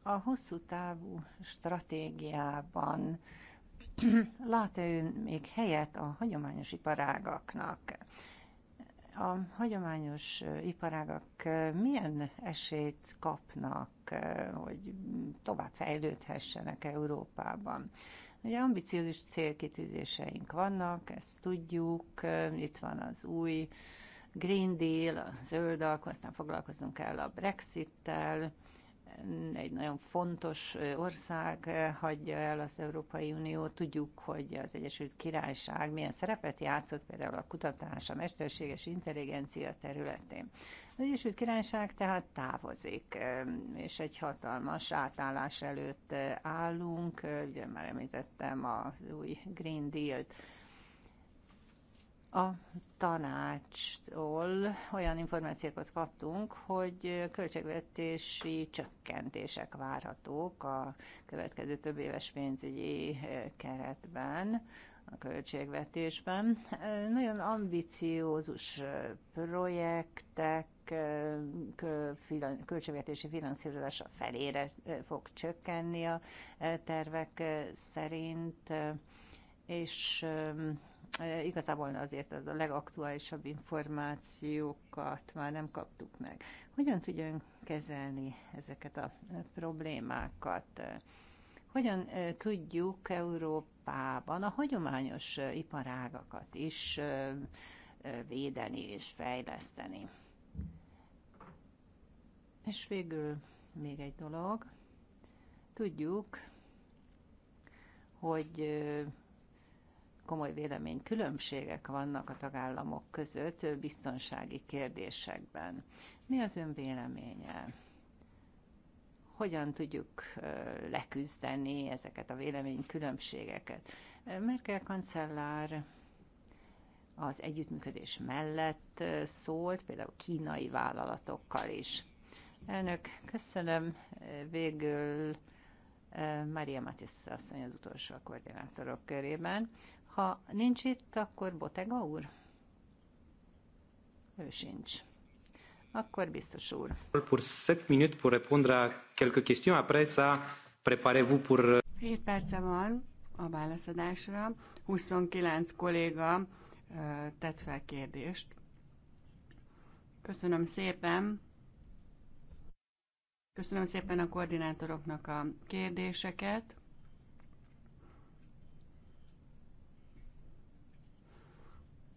A hosszú távú stratégiában lát-e ő még helyet a hagyományos iparágaknak? A hagyományos iparágak milyen esélyt kapnak, hogy tovább fejlődhessenek Európában? Ugye ambiciózus célkitűzéseink vannak, ezt tudjuk, itt van az új Green Deal, a zöld alkó, aztán foglalkozunk el a Brexit-tel, egy nagyon fontos ország hagyja el az Európai Uniót. Tudjuk, hogy az Egyesült Királyság milyen szerepet játszott például a kutatás, a mesterséges intelligencia területén. Az Egyesült Királyság tehát távozik, és egy hatalmas átállás előtt állunk. Ugye már említettem az új Green Deal-t a tanácstól olyan információkat kaptunk, hogy költségvetési csökkentések várhatók a következő több éves pénzügyi eh, keretben, a költségvetésben. Eh, nagyon ambiciózus eh, projektek, költségvetési finanszírozása felére fog csökkenni a tervek szerint, és E, igazából azért az a legaktuálisabb információkat már nem kaptuk meg. Hogyan tudjunk kezelni ezeket a e, problémákat? E, hogyan tudjuk Európában a hagyományos iparágakat is védeni és fejleszteni? És végül még egy dolog. Tudjuk, hogy komoly véleménykülönbségek vannak a tagállamok között biztonsági kérdésekben. Mi az ön véleménye? Hogyan tudjuk leküzdeni ezeket a véleménykülönbségeket? Merkel kancellár az együttműködés mellett szólt, például kínai vállalatokkal is. Elnök, köszönöm. Végül Maria Matisse asszony az utolsó a koordinátorok körében. Ha nincs itt, akkor Botega úr? Ő sincs. Akkor biztos úr. Pour 7 minut pour répondre à quelques questions. Après ça, préparez-vous pour... 7 euh, perce van a válaszadásra. 29 kolléga euh, tett fel kérdést. Köszönöm szépen. Köszönöm szépen a koordinátoroknak a kérdéseket.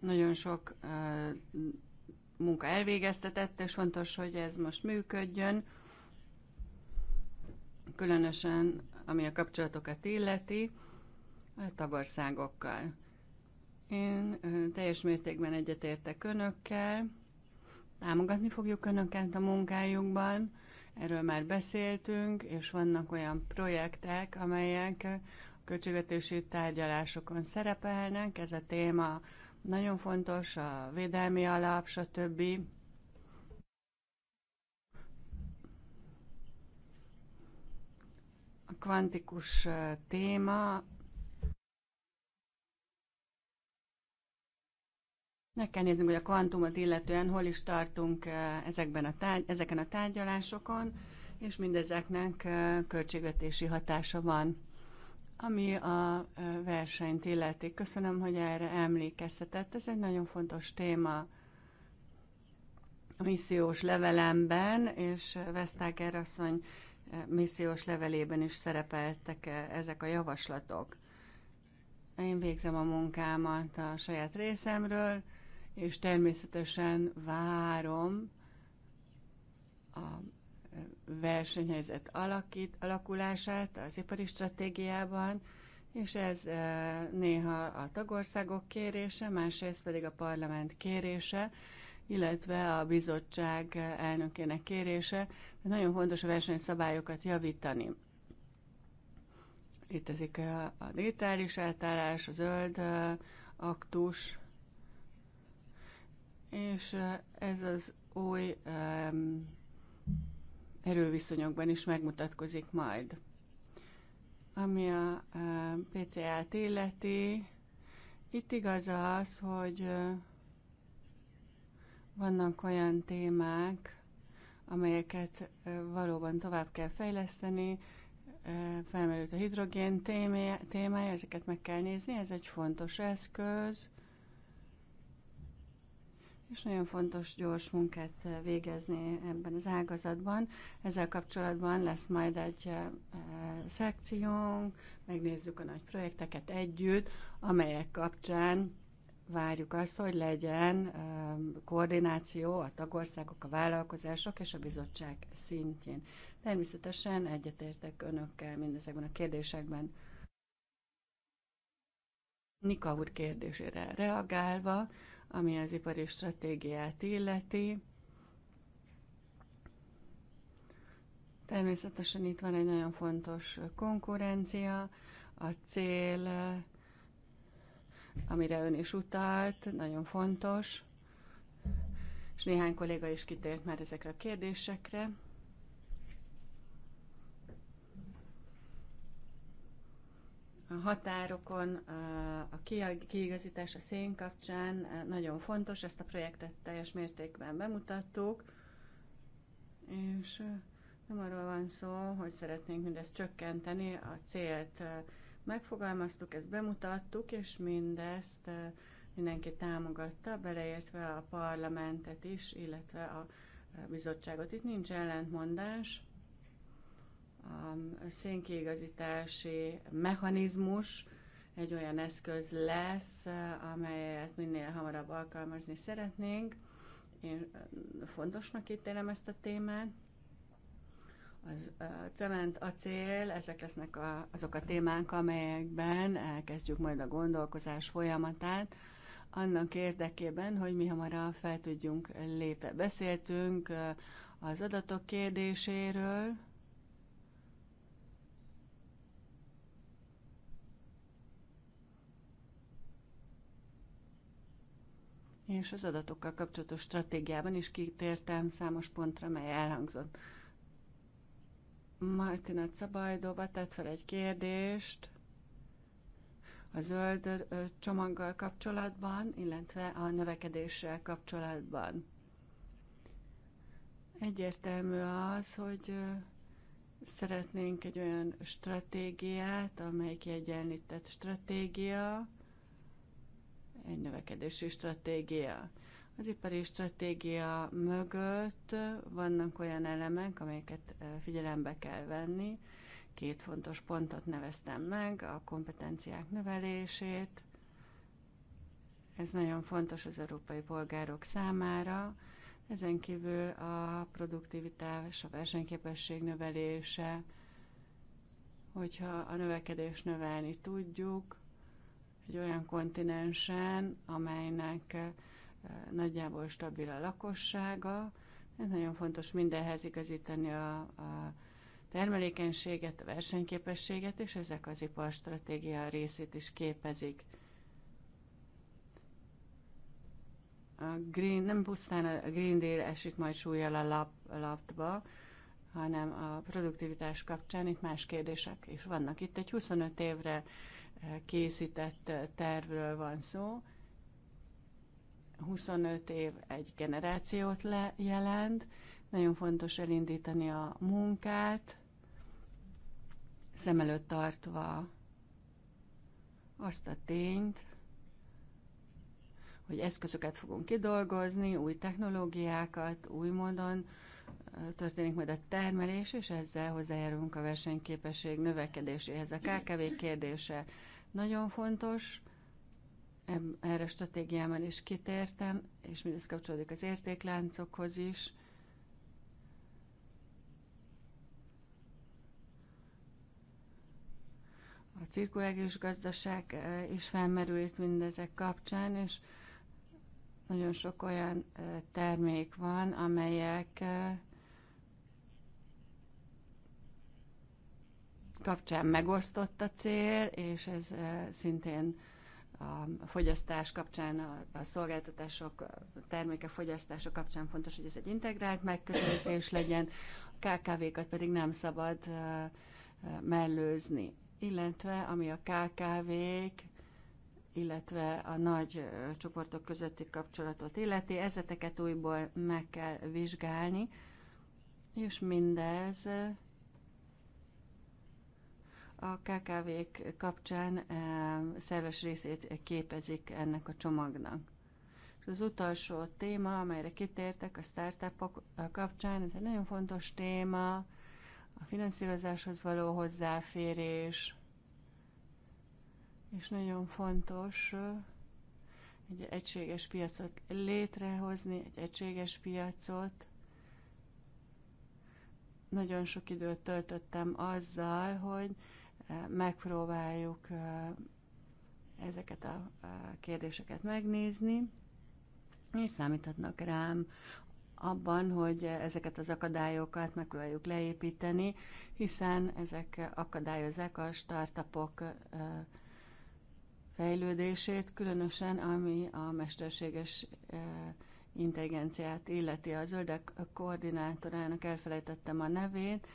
Nagyon sok munka elvégeztetett, és fontos, hogy ez most működjön, különösen ami a kapcsolatokat illeti a tagországokkal. Én teljes mértékben egyetértek önökkel, támogatni fogjuk önöket a munkájukban, erről már beszéltünk, és vannak olyan projektek, amelyek a költségvetési tárgyalásokon szerepelnek, ez a téma nagyon fontos, a védelmi alap, stb. A kvantikus téma Meg kell néznünk, hogy a kvantumot illetően hol is tartunk ezekben a tárgy, ezeken a tárgyalásokon, és mindezeknek költségvetési hatása van. Ami a versenyt illeti, köszönöm, hogy erre emlékeztetett. Ez egy nagyon fontos téma a missziós levelemben, és Vesztáger asszony missziós levelében is szerepeltek ezek a javaslatok. Én végzem a munkámat a saját részemről, és természetesen várom a versenyhelyzet alakít, alakulását az ipari stratégiában, és ez e, néha a tagországok kérése, másrészt pedig a parlament kérése, illetve a bizottság elnökének kérése. De nagyon fontos a versenyszabályokat javítani. Létezik e, a digitális átállás, a zöld e, aktus, és ez az új um, erőviszonyokban is megmutatkozik majd. Ami a PCA-t illeti, itt igaz az, hogy vannak olyan témák, amelyeket valóban tovább kell fejleszteni, felmerült a hidrogén témája, ezeket meg kell nézni, ez egy fontos eszköz, és nagyon fontos gyors munkát eh, végezni ebben az ágazatban. Ezzel kapcsolatban lesz majd egy eh, szekciónk, megnézzük a nagy projekteket együtt, amelyek kapcsán várjuk azt, hogy legyen eh, koordináció a tagországok, a vállalkozások és a bizottság szintjén. Természetesen egyetértek önökkel mindezekben a kérdésekben. Nika úr kérdésére reagálva, ami az ipari stratégiát illeti. Természetesen itt van egy nagyon fontos konkurencia, a cél, amire ön is utalt, nagyon fontos, és néhány kolléga is kitért már ezekre a kérdésekre. a határokon, a kiigazítás a szén kapcsán e, nagyon fontos, ezt a projektet teljes mértékben bemutattuk, és e, nem arról van szó, hogy szeretnénk mindezt csökkenteni, a célt e, megfogalmaztuk, ezt bemutattuk, és mindezt mindenki támogatta, beleértve a parlamentet is, illetve a bizottságot. Itt nincs ellentmondás, a szénkiigazítási mechanizmus egy olyan eszköz lesz, amelyet minél hamarabb alkalmazni szeretnénk. Én fontosnak ítélem ezt a témát. Az cement, cél ezek lesznek a, azok a témánk, amelyekben elkezdjük majd a gondolkozás folyamatát, annak érdekében, hogy mi hamarabb fel tudjunk lépni. Beszéltünk az adatok kérdéséről, és az adatokkal kapcsolatos stratégiában is kitértem számos pontra, mely elhangzott. Martina Cabajdóba tett fel egy kérdést a zöld csomaggal kapcsolatban, illetve a növekedéssel kapcsolatban. Egyértelmű az, hogy szeretnénk egy olyan stratégiát, amely kiegyenlített stratégia, egy növekedési stratégia. Az ipari stratégia mögött vannak olyan elemek, amelyeket figyelembe kell venni. Két fontos pontot neveztem meg, a kompetenciák növelését. Ez nagyon fontos az európai polgárok számára. Ezen kívül a produktivitás, a versenyképesség növelése, hogyha a növekedést növelni tudjuk, egy olyan kontinensen, amelynek eh, nagyjából stabil a lakossága. Ez nagyon fontos mindenhez igazítani a, a termelékenységet, a versenyképességet, és ezek az iparstratégia részét is képezik. A green, nem pusztán a Green Deal esik majd súlyjal a lap, lapba, hanem a produktivitás kapcsán itt más kérdések is vannak. Itt egy 25 évre készített tervről van szó. 25 év egy generációt jelent, nagyon fontos elindítani a munkát, szem előtt tartva azt a tényt, hogy eszközöket fogunk kidolgozni, új technológiákat, új módon történik majd a termelés, és ezzel hozzájárulunk a versenyképesség növekedéséhez. A KKV kérdése nagyon fontos, erre stratégiában is kitértem, és mindez kapcsolódik az értékláncokhoz is. A cirkulális gazdaság eh, is felmerül itt mindezek kapcsán, és nagyon sok olyan eh, termék van, amelyek eh, kapcsán megosztott a cél, és ez eh, szintén a fogyasztás kapcsán, a szolgáltatások, a terméke fogyasztása kapcsán fontos, hogy ez egy integrált megközelítés legyen, a KKV-kat pedig nem szabad eh, eh, mellőzni, illetve ami a KKV-k, illetve a nagy csoportok közötti kapcsolatot illeti, ezeteket újból meg kell vizsgálni, és mindez a KKV-k kapcsán eh, szerves részét képezik ennek a csomagnak. És az utolsó téma, amelyre kitértek a startupok eh, kapcsán, ez egy nagyon fontos téma, a finanszírozáshoz való hozzáférés, és nagyon fontos eh, egy egységes piacot létrehozni, egy egységes piacot. Nagyon sok időt töltöttem azzal, hogy megpróbáljuk ezeket a kérdéseket megnézni, és számíthatnak rám abban, hogy ezeket az akadályokat megpróbáljuk leépíteni, hiszen ezek akadályozzák a startupok fejlődését, különösen ami a mesterséges intelligenciát illeti. A zöldek koordinátorának elfelejtettem a nevét,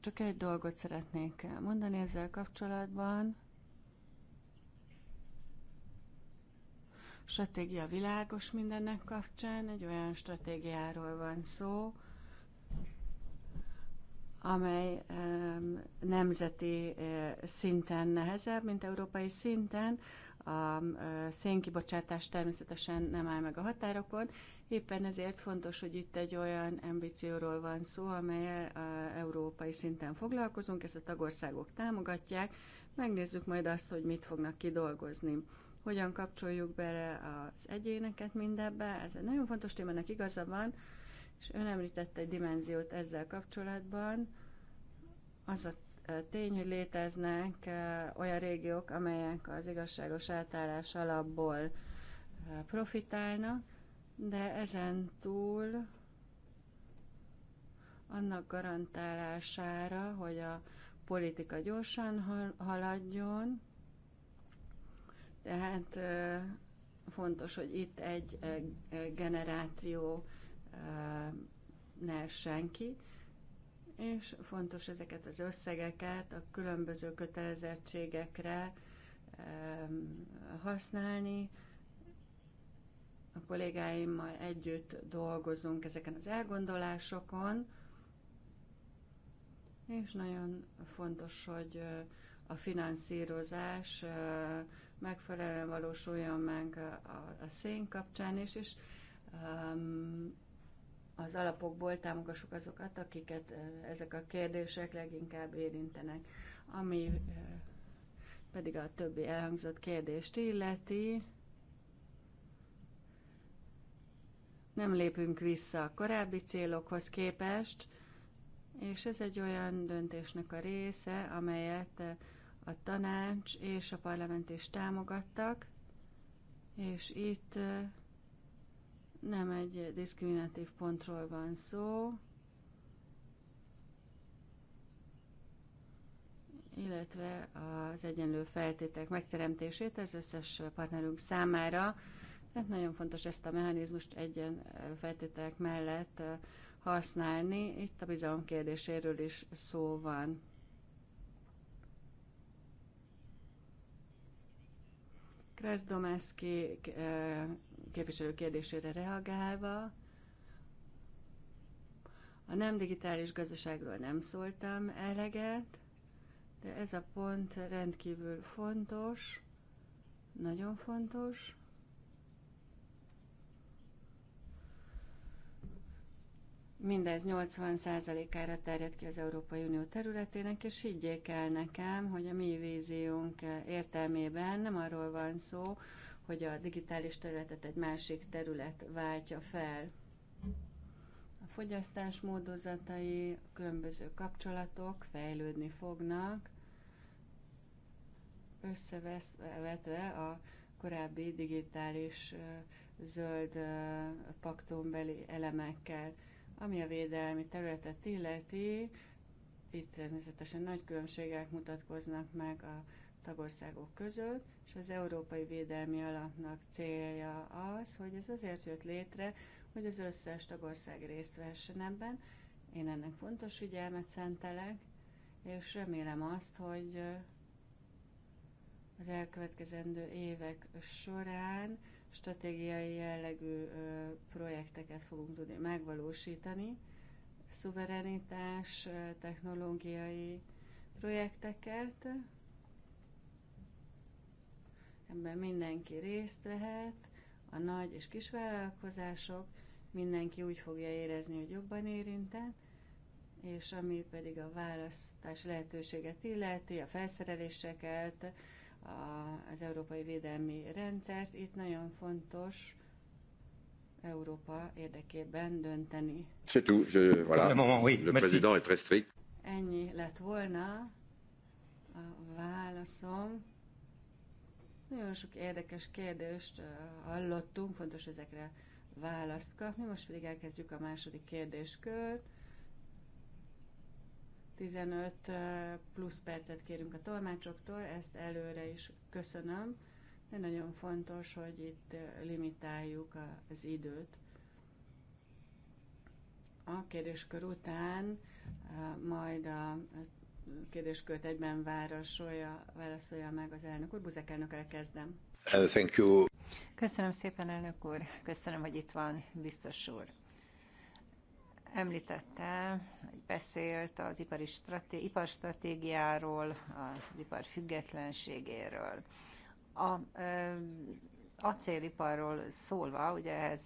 Csak egy dolgot szeretnék mondani ezzel kapcsolatban. Stratégia világos mindennek kapcsán, egy olyan stratégiáról van szó, amely nemzeti eh, szinten nehezebb, mint európai szinten, a szénkibocsátás természetesen nem áll meg a határokon, éppen ezért fontos, hogy itt egy olyan ambícióról van szó, amelyel európai szinten foglalkozunk, ezt a tagországok támogatják, megnézzük majd azt, hogy mit fognak kidolgozni. Hogyan kapcsoljuk bele az egyéneket mindebbe, ez egy nagyon fontos ennek igaza van, és ön említette egy dimenziót ezzel kapcsolatban, az a tény, hogy léteznek olyan régiók, amelyek az igazságos átállás alapból profitálnak, de ezen túl annak garantálására, hogy a politika gyorsan haladjon, tehát fontos, hogy itt egy generáció ne senki, és fontos ezeket az összegeket a különböző kötelezettségekre használni. A kollégáimmal együtt dolgozunk ezeken az elgondolásokon, és nagyon fontos, hogy a finanszírozás megfelelően valósuljon meg a, szén kapcsán is, és az alapokból támogassuk azokat, akiket ezek a kérdések leginkább érintenek. Ami pedig a többi elhangzott kérdést illeti, nem lépünk vissza a korábbi célokhoz képest, és ez egy olyan döntésnek a része, amelyet a tanács és a parlament is támogattak, és itt nem egy diszkriminatív pontról van szó, illetve az egyenlő feltétek megteremtését az összes partnerünk számára. Tehát nagyon fontos ezt a mechanizmust egyen feltételek mellett használni. Itt a bizalom kérdéséről is szó van. Domeszki képviselő kérdésére reagálva, a nem digitális gazdaságról nem szóltam eleget, de ez a pont rendkívül fontos, nagyon fontos. Mindez 80%-ára terjed ki az Európai Unió területének, és higgyék el nekem, hogy a mi víziónk értelmében nem arról van szó, hogy a digitális területet egy másik terület váltja fel. A fogyasztás módozatai, a különböző kapcsolatok fejlődni fognak, összevetve a korábbi digitális zöld paktumbeli elemekkel. Ami a védelmi területet illeti, itt természetesen nagy különbségek mutatkoznak meg a tagországok között, és az Európai Védelmi Alapnak célja az, hogy ez azért jött létre, hogy az összes tagország részt vessen ebben. Én ennek fontos figyelmet szentelek, és remélem azt, hogy az elkövetkezendő évek során stratégiai jellegű projekteket fogunk tudni megvalósítani, szuverenitás, technológiai projekteket, ebben mindenki részt vehet, a nagy és kis vállalkozások, mindenki úgy fogja érezni, hogy jobban érintett, és ami pedig a választás lehetőséget illeti, a felszereléseket, a, az európai védelmi rendszert, itt nagyon fontos Európa érdekében dönteni. C'est tout, je, voilà. Moment, oui. Le président est très strict. Ennyi lett volna a válaszom. Nagyon sok érdekes kérdést hallottunk, fontos ezekre választ kapni. Most pedig elkezdjük a második kérdéskört. 15 plusz percet kérünk a tolmácsoktól, ezt előre is köszönöm, de nagyon fontos, hogy itt limitáljuk az időt. A kérdéskör után majd a kérdéskört egyben válaszolja, válaszolja meg az elnök úr. Buzek elnökkel kezdem. Uh, thank you. Köszönöm szépen, elnök úr. Köszönöm, hogy itt van, biztos úr. Említette, hogy beszélt az ipari straté- iparstratégiáról, az ipar függetlenségéről. A acéliparról szólva, ugye ehhez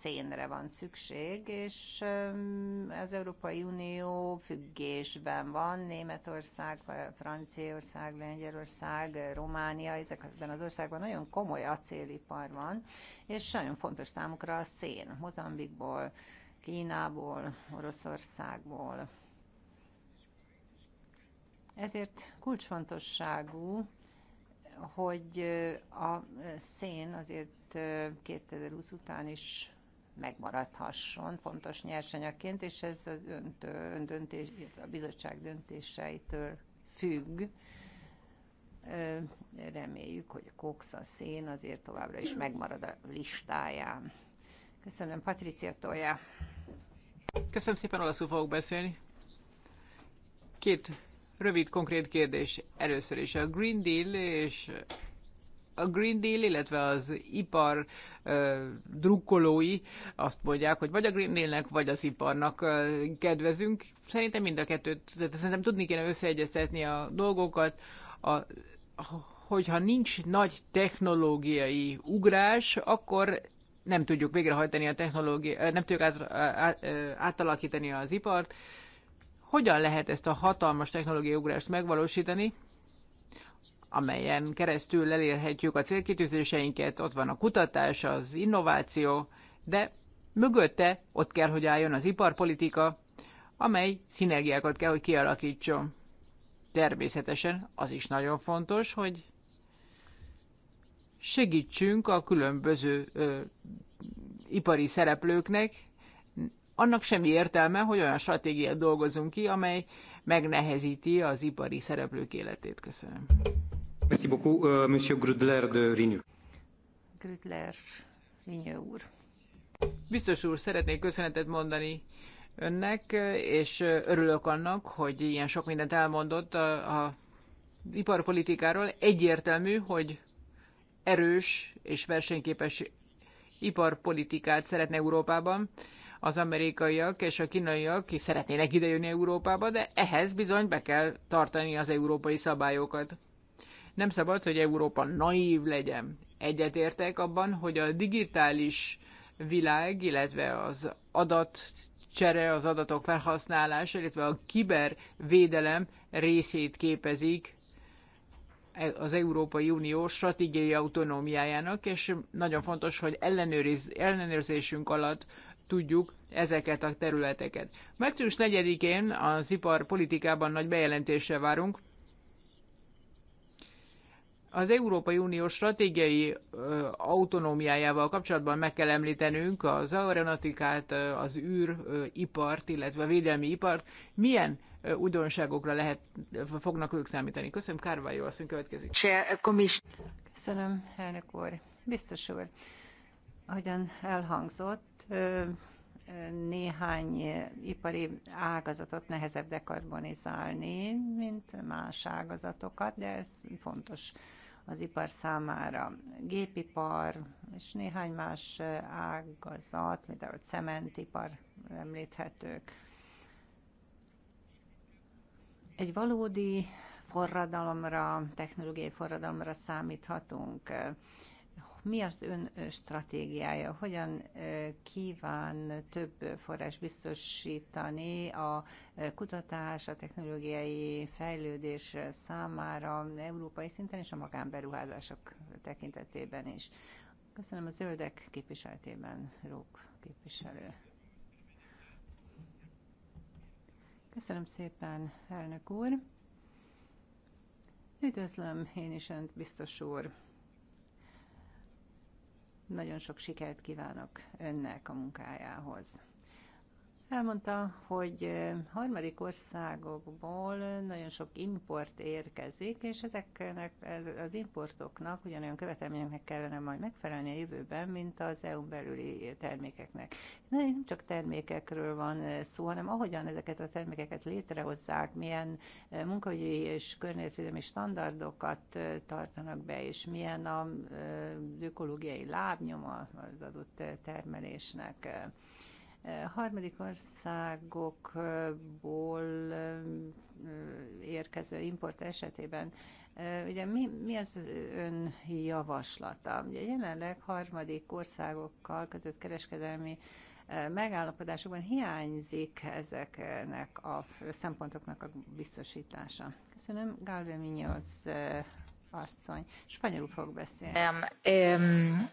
szénre van szükség, és az Európai Unió függésben van, Németország, Franciaország, Lengyelország, Románia, ezekben az országban nagyon komoly acélipar van, és nagyon fontos számukra a szén, Mozambikból, Kínából, Oroszországból. Ezért kulcsfontosságú, hogy a szén azért 2020 után is megmaradhasson fontos nyersanyagként, és ez az önt, öndöntés, a bizottság döntéseitől függ. Reméljük, hogy a koksz, a szén azért továbbra is megmarad a listáján. Köszönöm, Patricia Tolja. Köszönöm szépen, olaszul fogok beszélni. Két Rövid, konkrét kérdés először is. A Green Deal és a Green Deal, illetve az ipar ö, drukkolói azt mondják, hogy vagy a Green Dealnek, vagy az iparnak ö, kedvezünk. Szerintem mind a kettőt, tehát szerintem tudni kéne összeegyeztetni a dolgokat. A, hogyha nincs nagy technológiai ugrás, akkor nem tudjuk végrehajtani a technológiát, nem tudjuk át, át, átalakítani az ipart, hogyan lehet ezt a hatalmas technológiai ugrást megvalósítani, amelyen keresztül elérhetjük a célkitűzéseinket, ott van a kutatás, az innováció, de mögötte ott kell, hogy álljon az iparpolitika, amely szinergiákat kell, hogy kialakítson. Természetesen az is nagyon fontos, hogy segítsünk a különböző ö, ipari szereplőknek, annak semmi értelme, hogy olyan stratégiát dolgozunk ki, amely megnehezíti az ipari szereplők életét. Köszönöm. Merci beaucoup, uh, Monsieur Grudler de Renew. Grudler, Renew úr. Biztos úr, szeretnék köszönetet mondani önnek, és örülök annak, hogy ilyen sok mindent elmondott a, a iparpolitikáról. Egyértelmű, hogy erős és versenyképes iparpolitikát szeretne Európában az amerikaiak és a kínaiak ki szeretnének idejönni Európába, de ehhez bizony be kell tartani az európai szabályokat. Nem szabad, hogy Európa naív legyen. Egyetértek abban, hogy a digitális világ, illetve az adatcsere, az adatok felhasználása, illetve a kibervédelem részét képezik az Európai Unió stratégiai autonómiájának, és nagyon fontos, hogy ellenőriz, ellenőrzésünk alatt tudjuk ezeket a területeket. Március 4-én az ipar politikában nagy bejelentésre várunk. Az Európai Unió stratégiai ö, autonómiájával kapcsolatban meg kell említenünk az aeronautikát, az űripart, illetve a védelmi ipart. Milyen ö, újdonságokra lehet, fognak ők számítani? Köszönöm, Kárvályó, azt következik. Köszönöm, elnök úr. Biztos úr. Ahogyan elhangzott, néhány ipari ágazatot nehezebb dekarbonizálni, mint más ágazatokat, de ez fontos az ipar számára. Gépipar és néhány más ágazat, mint a cementipar említhetők. Egy valódi forradalomra, technológiai forradalomra számíthatunk. Mi az ön stratégiája? Hogyan kíván több forrás biztosítani a kutatás, a technológiai fejlődés számára európai szinten és a magánberuházások tekintetében is? Köszönöm a zöldek képviseltében, Rók képviselő. Köszönöm szépen, elnök úr. Üdvözlöm én is önt, biztos úr. Nagyon sok sikert kívánok önnek a munkájához. Elmondta, hogy harmadik országokból nagyon sok import érkezik, és ezeknek az importoknak ugyanolyan követelményeknek kellene majd megfelelni a jövőben, mint az EU belüli termékeknek. Nem csak termékekről van szó, hanem ahogyan ezeket a termékeket létrehozzák, milyen munkahogyi és környezetvédelmi standardokat tartanak be, és milyen a ökológiai lábnyoma az adott termelésnek harmadik országokból érkező import esetében Ugye mi, mi az ön javaslata? Ugye jelenleg harmadik országokkal kötött kereskedelmi megállapodásokban hiányzik ezeknek a szempontoknak a biztosítása. Köszönöm. Galve az asszony. Spanyolul fog beszélni. Um, um,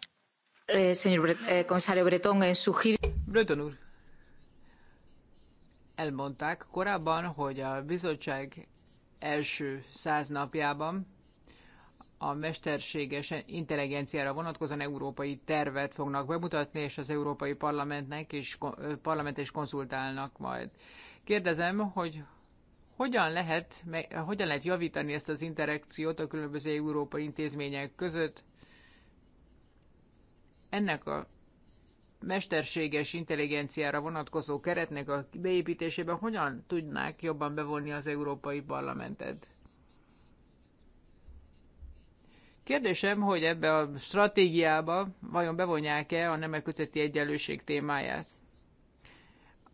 eh, señor eh, comisario Breton, en su gira... Blödön úr, elmondták korábban, hogy a bizottság első száz napjában a mesterséges intelligenciára vonatkozóan európai tervet fognak bemutatni, és az Európai Parlamentnek is, parlament is konzultálnak majd. Kérdezem, hogy hogyan lehet, hogyan lehet javítani ezt az interakciót a különböző európai intézmények között? Ennek a mesterséges intelligenciára vonatkozó keretnek a beépítésében hogyan tudnák jobban bevonni az Európai Parlamentet? Kérdésem, hogy ebbe a stratégiába vajon bevonják-e a nemek közötti egyenlőség témáját?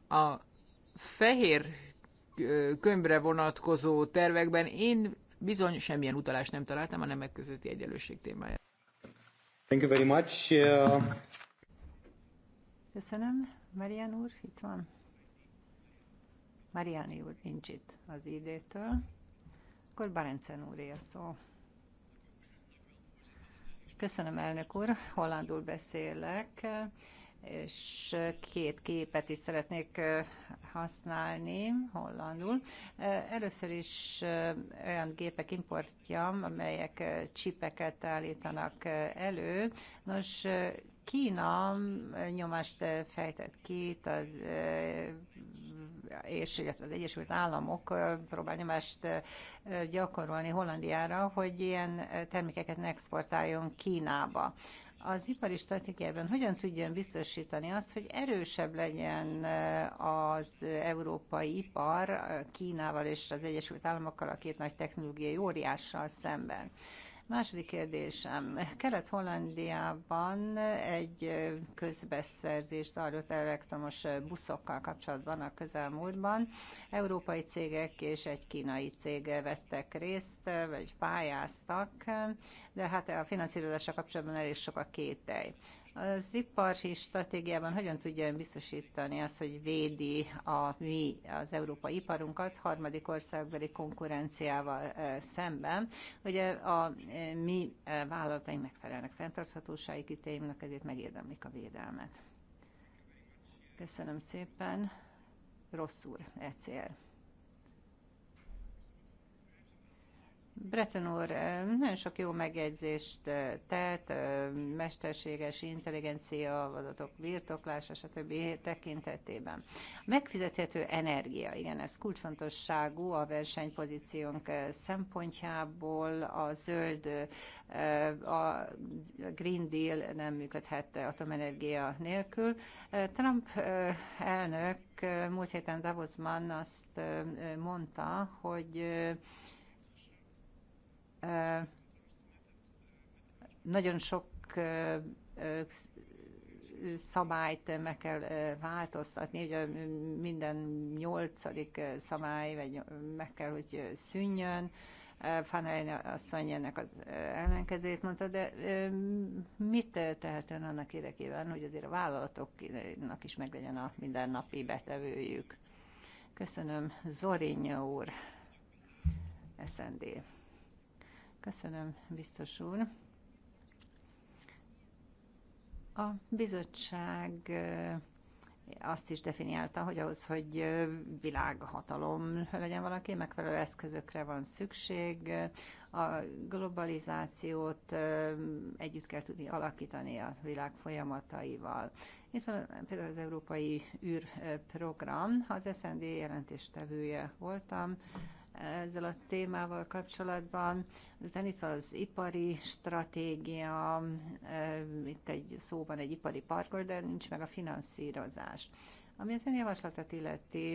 A fehér könyvre vonatkozó tervekben én bizony semmilyen utalást nem találtam a nemek közötti egyenlőség témáját. Thank you very much. Uh, Köszönöm. Marian úr, itt van? Mariani úr nincs itt az idétől. Akkor Barencen úr a szó. Köszönöm, elnök úr. Hollandul beszélek, és két képet is szeretnék használni hollandul. Először is olyan gépek importjam, amelyek csipeket állítanak elő. Nos, Kína mm, nyomást eh, fejtett ki, az, eh, és az Egyesült Államok eh, próbál nyomást gyakorolni Hollandiára, hogy ilyen termékeket ne exportáljon Kínába az ipari stratégiában hogyan tudjon biztosítani azt, hogy erősebb legyen az európai ipar Kínával és az Egyesült Államokkal, a két nagy technológiai óriással szemben. Második kérdésem. Kelet-Hollandiában egy közbeszerzés zajlott elektromos buszokkal kapcsolatban a közelmúltban. Európai cégek és egy kínai cég vettek részt, vagy pályáztak, de hát a finanszírozással kapcsolatban elég sok a kételj. Az iparsi stratégiában hogyan tudja biztosítani azt, hogy védi a mi, az európai iparunkat harmadik országbeli konkurenciával szemben. Ugye a mi vállalataink megfelelnek fenntarthatósági kritériumnak, ezért megérdemlik a védelmet. Köszönöm szépen. Rossz úr, ECR. Breton úr nagyon sok jó megjegyzést tett, mesterséges intelligencia, adatok birtoklása, stb. tekintetében. Megfizethető energia, igen, ez kulcsfontosságú a versenypozíciónk szempontjából, a zöld, a Green Deal nem működhet atomenergia nélkül. Trump elnök múlt héten Davosban azt mondta, hogy nagyon sok szabályt meg kell változtatni, ugye minden nyolcadik szabály vagy meg kell, hogy szűnjön. Fanelin asszony ennek az ellenkezőjét mondta, de mit tehet ön annak érdekében, hogy azért a vállalatoknak is meglegyen a mindennapi betevőjük? Köszönöm, Zorinja úr, SND. Köszönöm, biztos úr. A bizottság eh, azt is definiálta, hogy ahhoz, hogy eh, világhatalom legyen valaki, megfelelő eszközökre van szükség. A globalizációt eh, együtt kell tudni alakítani a világ folyamataival. Itt van például az Európai űrprogram, az SND jelentéstevője voltam ezzel a témával kapcsolatban. Azután itt van az ipari stratégia, eh, itt egy szóban egy ipari parkol, de nincs meg a finanszírozás. Ami az ön javaslatát illeti,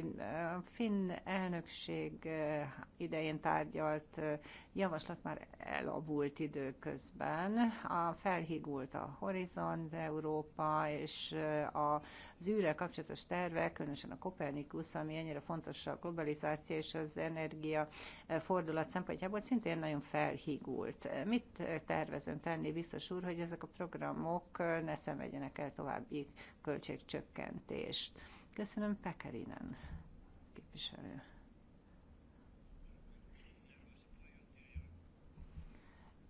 a finn elnökség eh, idején tárgyalt eh, javaslat már elavult időközben. A felhígult a Horizont Európa és az űrrel kapcsolatos tervek, különösen a Kopernikus, ami ennyire fontos a globalizáció és az energia fordulat szempontjából, szintén nagyon felhígult. Mit tervezem tenni, biztos úr, hogy ezek a programok ne szenvedjenek el további költségcsökkentést? Köszönöm Pekerinen képviselő.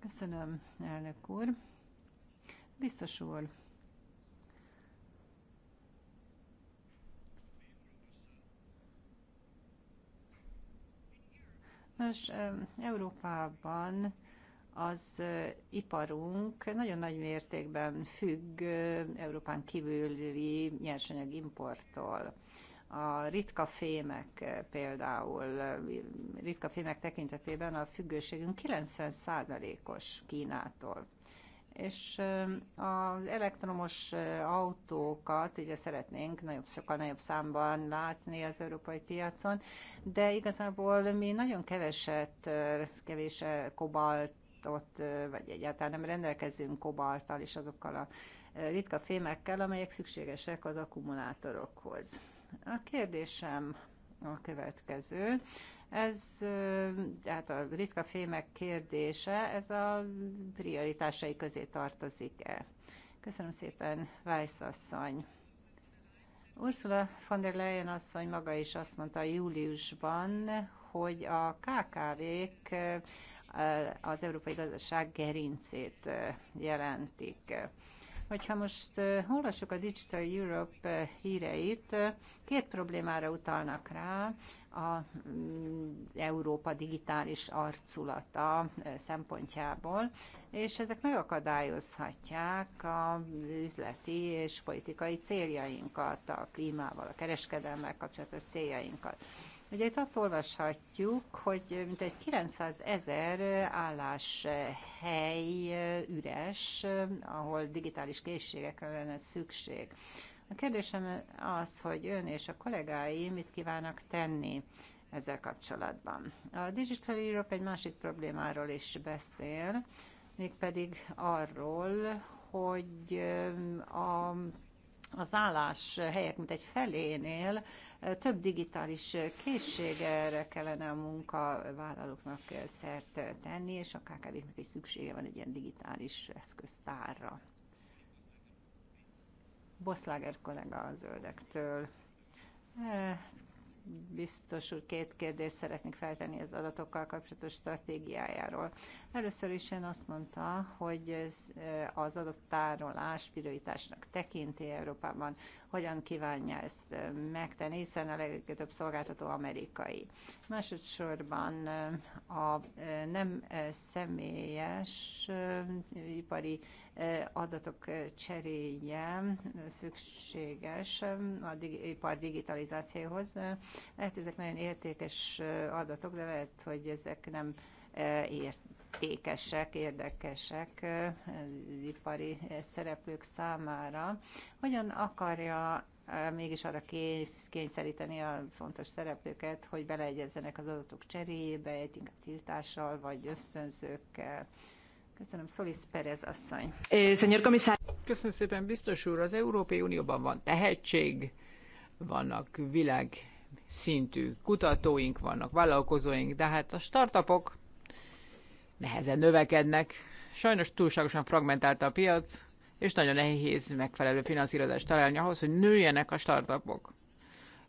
Köszönöm, elnök úr. Biztos úr, Nos, Európában az iparunk nagyon nagy mértékben függ Európán kívüli nyersanyag importtól. A ritka fémek eh, például, eh, ritka fémek tekintetében a függőségünk 90%-os Kínától és eh, az elektromos autókat ugye szeretnénk nagyobb, sokkal nagyobb számban látni az európai piacon, de igazából mi nagyon keveset, kevés kobaltot, vagy egyáltalán nem rendelkezünk kobalttal és azokkal a ritka fémekkel, amelyek szükségesek az akkumulátorokhoz. A kérdésem a következő. Ez, tehát a ritka fémek kérdése, ez a prioritásai közé tartozik-e? Köszönöm szépen, Weiss asszony. Ursula von der Leyen asszony maga is azt mondta júliusban, hogy a KKV-k az európai gazdaság gerincét jelentik. Hogyha most olvasjuk a Digital Europe híreit, két problémára utalnak rá a mm, Európa digitális arculata szempontjából, és ezek megakadályozhatják a üzleti és politikai céljainkat, a klímával, a kereskedelmmel kapcsolatos céljainkat. Ugye itt ott olvashatjuk, hogy mintegy 900 ezer álláshely üres, ahol digitális készségekre lenne szükség. A kérdésem az, hogy ön és a kollégái mit kívánnak tenni ezzel kapcsolatban. A Digital Europe egy másik problémáról is beszél, mégpedig arról, hogy a az állás helyek, mint egy felénél több digitális készségre kellene a munkavállalóknak szert tenni, és a kkv is szüksége van egy ilyen digitális eszköztárra. Boszláger kollega a zöldektől biztos úr, két kérdést szeretnék feltenni az adatokkal kapcsolatos stratégiájáról. Először is én azt mondta, hogy az adattárolás prioritásnak tekinti Európában, hogyan kívánja ezt megtenni, hiszen a legtöbb szolgáltató amerikai. Másodszorban a nem személyes ipari adatok cseréje szükséges a ipar digitalizációhoz. Lehet, ezek nagyon értékes adatok, de lehet, hogy ezek nem értékesek, érdekesek az ipari szereplők számára. Hogyan akarja mégis arra kész, kényszeríteni a fontos szereplőket, hogy beleegyezzenek az adatok cseréjébe, inkább tiltással vagy ösztönzőkkel. Köszönöm, Szolis Perez asszony. Eh, Köszönöm szépen, biztos úr, az Európai Unióban van tehetség, vannak világ szintű kutatóink, vannak vállalkozóink, de hát a startupok nehezen növekednek. Sajnos túlságosan fragmentált a piac, és nagyon nehéz megfelelő finanszírozást találni ahhoz, hogy nőjenek a startupok.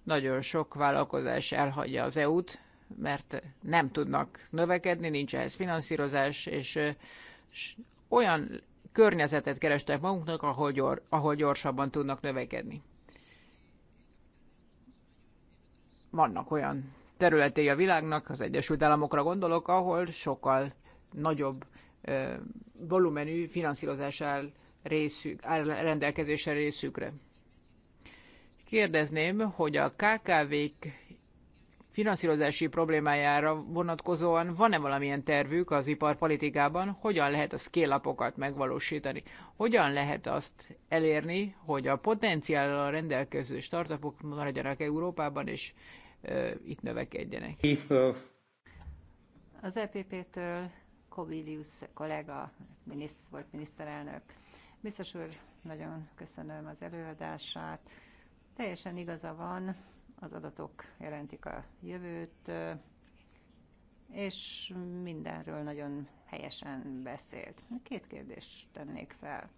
Nagyon sok vállalkozás elhagyja az EU-t, mert nem tudnak növekedni, nincs ehhez finanszírozás, és eh, olyan környezetet kerestek magunknak, ahol, gyor, ahol gyorsabban tudnak növekedni. Vannak olyan területei a világnak, az Egyesült Államokra gondolok, ahol sokkal nagyobb ö, volumenű finanszírozás áll, részük, áll rendelkezésre részükre. Kérdezném, hogy a KKV-k finanszírozási problémájára vonatkozóan van-e valamilyen tervük az iparpolitikában, hogyan lehet a scale megvalósítani? Hogyan lehet azt elérni, hogy a potenciállal rendelkező startupok maradjanak Európában, és e, itt növekedjenek? Az EPP-től Kobilius kollega, miniszt, volt miniszterelnök. Biztos úr, nagyon köszönöm az előadását. Teljesen igaza van, az adatok jelentik a jövőt, és mindenről nagyon helyesen beszélt. Két kérdést tennék fel.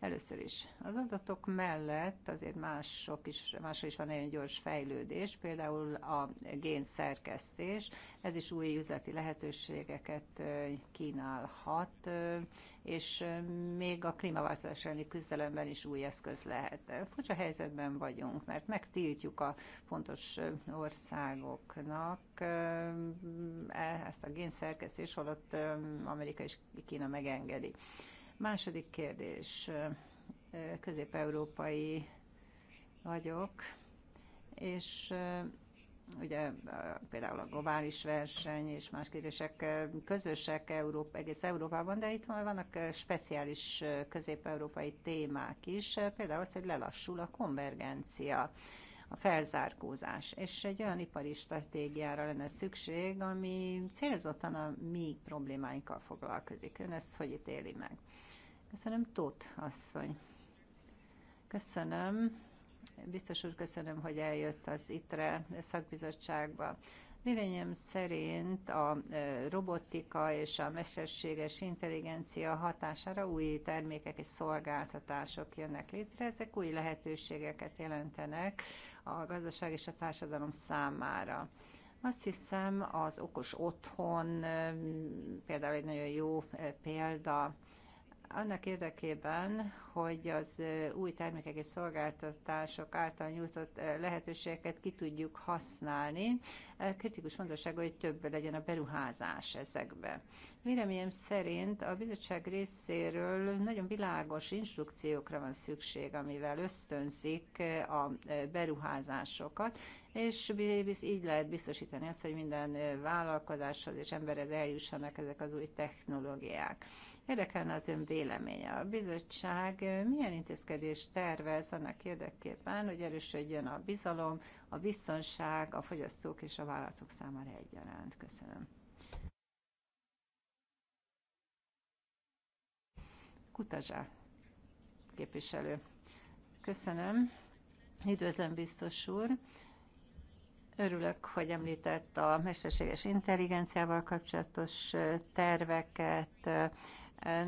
Először is az adatok mellett azért mások is, máshol is van nagyon gyors fejlődés, például a génszerkesztés, ez is új üzleti lehetőségeket kínálhat, és még a klímaváltozás elleni küzdelemben is új eszköz lehet. Furcsa helyzetben vagyunk, mert megtiltjuk a fontos országoknak e, ezt a génszerkesztés, holott Amerika és Kína megengedi. Második kérdés. Közép-európai vagyok, és ugye például a globális verseny és más kérdések közösek Európa, egész Európában, de itt vannak speciális közép-európai témák is, például az, hogy lelassul a konvergencia a felzárkózás. És egy olyan ipari stratégiára lenne szükség, ami célzottan a mi problémáinkkal foglalkozik. Ön ezt hogy ítéli meg? Köszönöm, Tóth asszony. Köszönöm. Biztos úr, köszönöm, hogy eljött az ITRE szakbizottságba. Véleményem szerint a e, robotika és a mesterséges intelligencia hatására új termékek és szolgáltatások jönnek létre. Ezek új lehetőségeket jelentenek a gazdaság és a társadalom számára. Azt hiszem, az okos otthon például egy nagyon jó példa, annak érdekében, hogy az új termékek és szolgáltatások által nyújtott lehetőségeket ki tudjuk használni. Kritikus fontosság, hogy több legyen a beruházás ezekbe. Véleményem szerint a bizottság részéről nagyon világos instrukciókra van szükség, amivel ösztönzik a beruházásokat, és így lehet biztosítani azt, hogy minden vállalkozáshoz és emberhez eljussanak ezek az új technológiák. Érdekelne az ön véleménye. A bizottság milyen intézkedést tervez annak érdekében, hogy erősödjön a bizalom, a biztonság a fogyasztók és a vállalatok számára egyaránt? Köszönöm. Kutazsa képviselő. Köszönöm. Üdvözlöm, biztos úr. Örülök, hogy említett a mesterséges intelligenciával kapcsolatos terveket,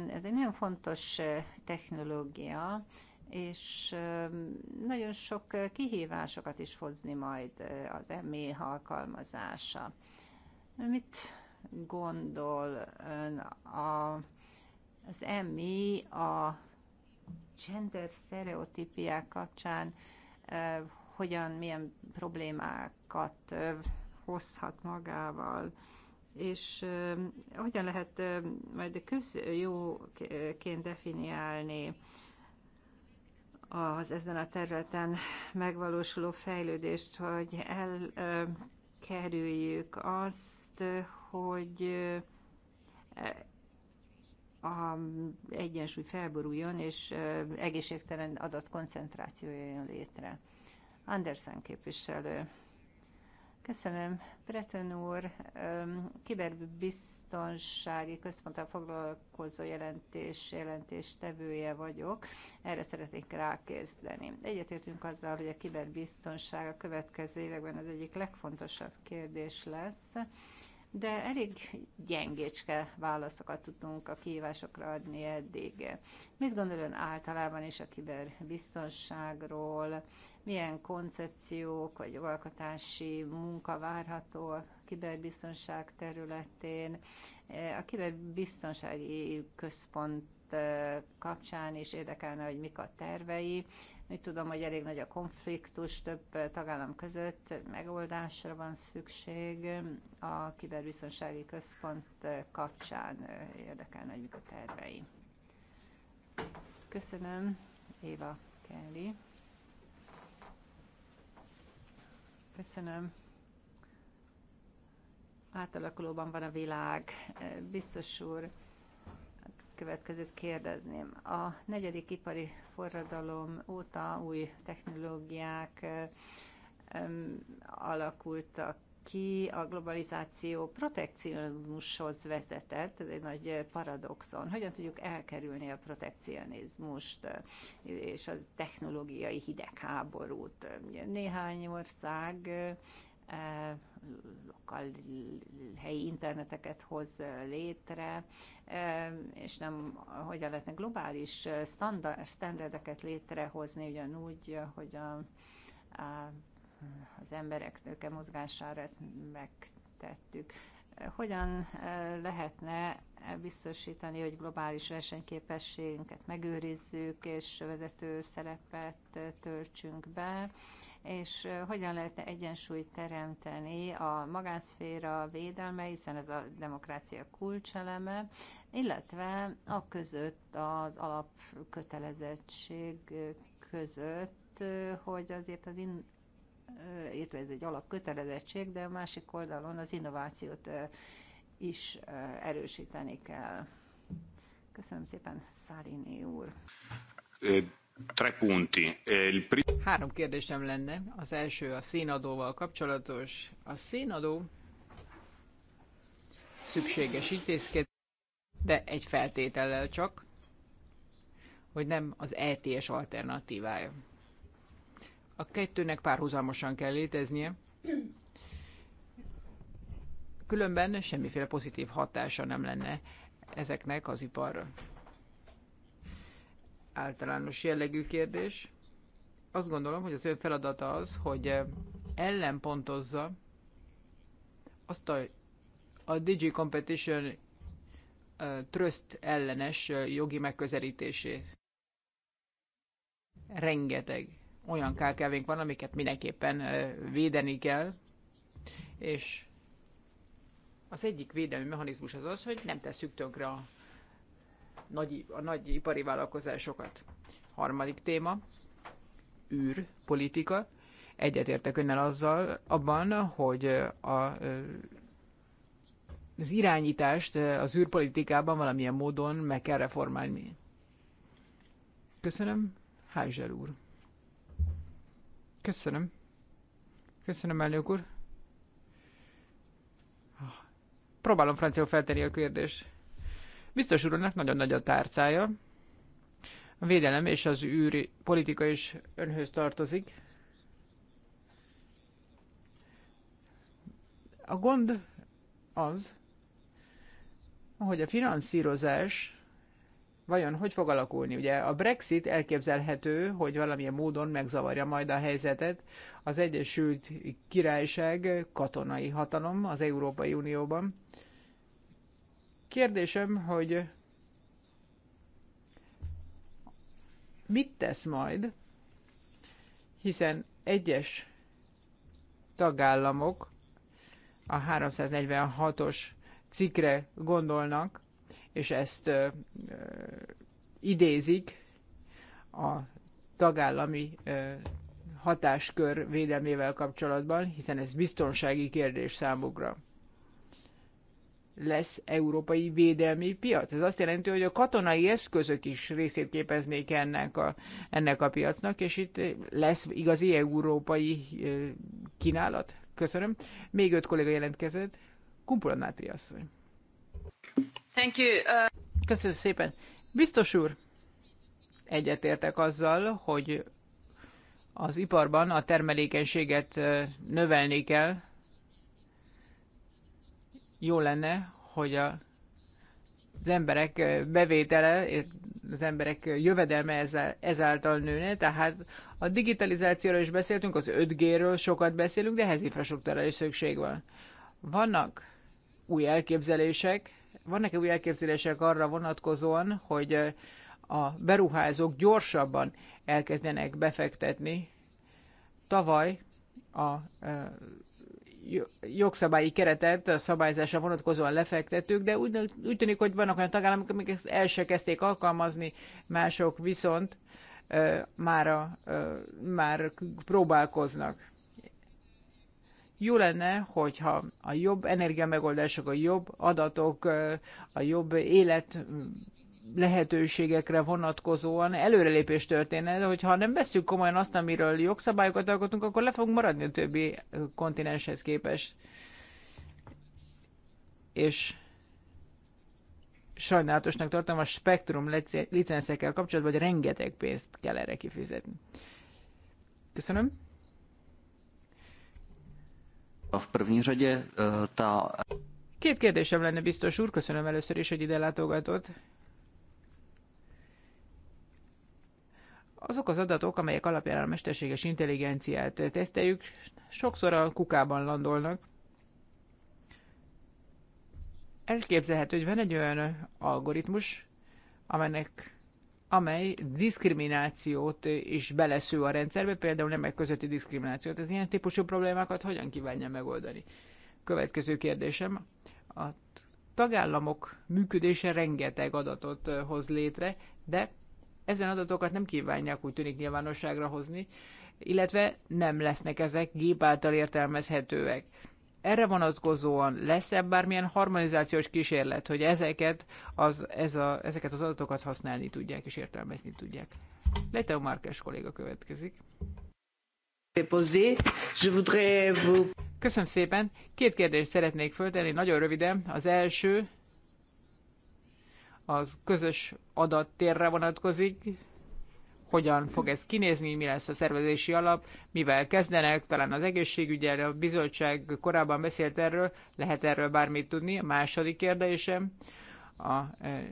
ez egy nagyon fontos technológia, és nagyon sok kihívásokat is hozni majd az méh alkalmazása. Mit gondol ön a, az EMI a gender stereotípiák kapcsán hogyan, milyen problémákat hozhat magával? és hogyan lehet majd közjóként definiálni az ezen a területen megvalósuló fejlődést, hogy elkerüljük azt, hogy a egyensúly felboruljon, és egészségtelen adatkoncentráció jön létre. Andersen képviselő. Köszönöm. Breton úr, kiberbiztonsági központtal foglalkozó jelentés, tevője vagyok. Erre szeretnék rákézdeni. Egyetértünk azzal, hogy a kiberbiztonság a következő években az egyik legfontosabb kérdés lesz de elég gyengécske válaszokat tudtunk a kihívásokra adni eddig. Mit gondol ön általában is a kiberbiztonságról? Milyen koncepciók vagy jogalkotási munka várható a kiberbiztonság területén? A kiberbiztonsági központ eh, kapcsán is érdekelne, hogy mik a tervei, úgy tudom, hogy elég nagy a konfliktus több tagállam között, megoldásra van szükség a kiberbiztonsági központ kapcsán érdekelne, hogy a tervei. Köszönöm, Éva Kelly. Köszönöm. Átalakulóban van a világ. Biztos úr, következőt kérdezném. A negyedik ipari forradalom óta új technológiák alakultak ki, a globalizáció protekcionizmushoz vezetett, ez egy nagy paradoxon. Hogyan tudjuk elkerülni a protekcionizmust és a technológiai hidegháborút? Néhány ország lokal helyi interneteket hoz létre, és nem hogyan lehetne globális standardeket létrehozni, ugyanúgy, hogy a, a, az emberek nőke mozgására ezt megtettük. Hogyan lehetne biztosítani, hogy globális versenyképességünket megőrizzük, és vezető szerepet töltsünk be, és hogyan lehetne egyensúlyt teremteni a magánszféra védelme, hiszen ez a demokrácia kulcseleme, illetve a között az alapkötelezettség között, hogy azért az in, illetve ez egy alapkötelezettség, de a másik oldalon az innovációt is erősíteni kell. Köszönöm szépen, Szárini úr. Eh, Három kérdésem lenne. Az első a szénadóval kapcsolatos. A szénadó szükséges intézkedés, de egy feltétellel csak, hogy nem az ETS alternatívája. A kettőnek párhuzamosan kell léteznie, különben semmiféle pozitív hatása nem lenne ezeknek az iparra általános jellegű kérdés. Azt gondolom, hogy az ő feladata az, hogy eh, ellenpontozza azt a, a Digi Competition eh, Trust ellenes eh, jogi megközelítését. Rengeteg olyan kkv van, amiket mindenképpen védeni kell, és az egyik védelmi mechanizmus az az, hogy nem tesszük tönkre a nagy, a nagy ipari vállalkozásokat. Harmadik téma, űr, politika. Egyetértek önnel azzal abban, hogy a az irányítást az űrpolitikában valamilyen módon meg kell reformálni. Köszönöm, Házsel úr. Köszönöm. Köszönöm, elnök úr. Ah, próbálom francia feltenni a kérdést. Biztos úrnak nagyon nagy a tárcája. A védelem és az űri politika is önhöz tartozik. A gond az, hogy a finanszírozás vajon hogy fog alakulni? Ugye a Brexit elképzelhető, hogy valamilyen módon megzavarja majd a helyzetet. Az Egyesült Királyság katonai hatalom az Európai Unióban. Kérdésem, hogy mit tesz majd, hiszen egyes tagállamok a 346-os cikkre gondolnak, és ezt ö, ö, idézik a tagállami ö, hatáskör védelmével kapcsolatban, hiszen ez biztonsági kérdés számukra lesz európai védelmi piac. Ez azt jelenti, hogy a katonai eszközök is részét képeznék ennek a, ennek a piacnak, és itt lesz igazi európai kínálat. Köszönöm. Még öt kolléga jelentkezett. Kumpula Nátri asszony. Thank you. Uh... Köszönöm szépen. Biztos úr, egyetértek azzal, hogy az iparban a termelékenységet növelni kell, jó lenne, hogy a, az emberek bevétele, az emberek jövedelme ezzel, ezáltal nőne, tehát a digitalizációról is beszéltünk, az 5G-ről sokat beszélünk, de ehhez infrastruktúrára is szükség van. Vannak új elképzelések, vannak-e új elképzelések arra vonatkozóan, hogy a beruházók gyorsabban elkezdenek befektetni? Tavaly a jogszabályi keretet a szabályzásra vonatkozóan lefektetők, de úgy, úgy tűnik, hogy vannak olyan tagállamok, amik ezt el se kezdték alkalmazni, mások viszont már, a, már próbálkoznak. Jó lenne, hogyha a jobb energiamegoldások, a jobb adatok, a jobb élet lehetőségekre vonatkozóan előrelépés történne, de hogyha nem veszük komolyan azt, amiről jogszabályokat alkotunk, akkor le fogunk maradni a többi kontinenshez képest. És sajnálatosnak tartom a spektrum licenszekkel kapcsolatban, hogy rengeteg pénzt kell erre kifizetni. Köszönöm. A první e, ta... Két kérdésem lenne biztos úr, köszönöm először is, hogy ide látogatott. azok az adatok, amelyek alapján a mesterséges intelligenciát teszteljük, sokszor a kukában landolnak. Elképzelhető, hogy van egy olyan algoritmus, amelynek, amely diszkriminációt is belesző a rendszerbe, például nemek közötti diszkriminációt. Ez ilyen típusú problémákat hogyan kívánja megoldani? Következő kérdésem. A tagállamok működése rengeteg adatot hoz létre, de ezen adatokat nem kívánják úgy tűnik nyilvánosságra hozni, illetve nem lesznek ezek gép által értelmezhetőek. Erre vonatkozóan lesz-e bármilyen harmonizációs kísérlet, hogy ezeket az, ez a, ezeket az adatokat használni tudják és értelmezni tudják? Leteo Márkes kolléga következik. Köszönöm szépen. Két kérdést szeretnék föltenni, nagyon röviden. Az első, az közös adattérre vonatkozik, hogyan fog ez kinézni, mi lesz a szervezési alap, mivel kezdenek, talán az egészségügyel, a bizottság korábban beszélt erről, lehet erről bármit tudni. A második kérdésem a e,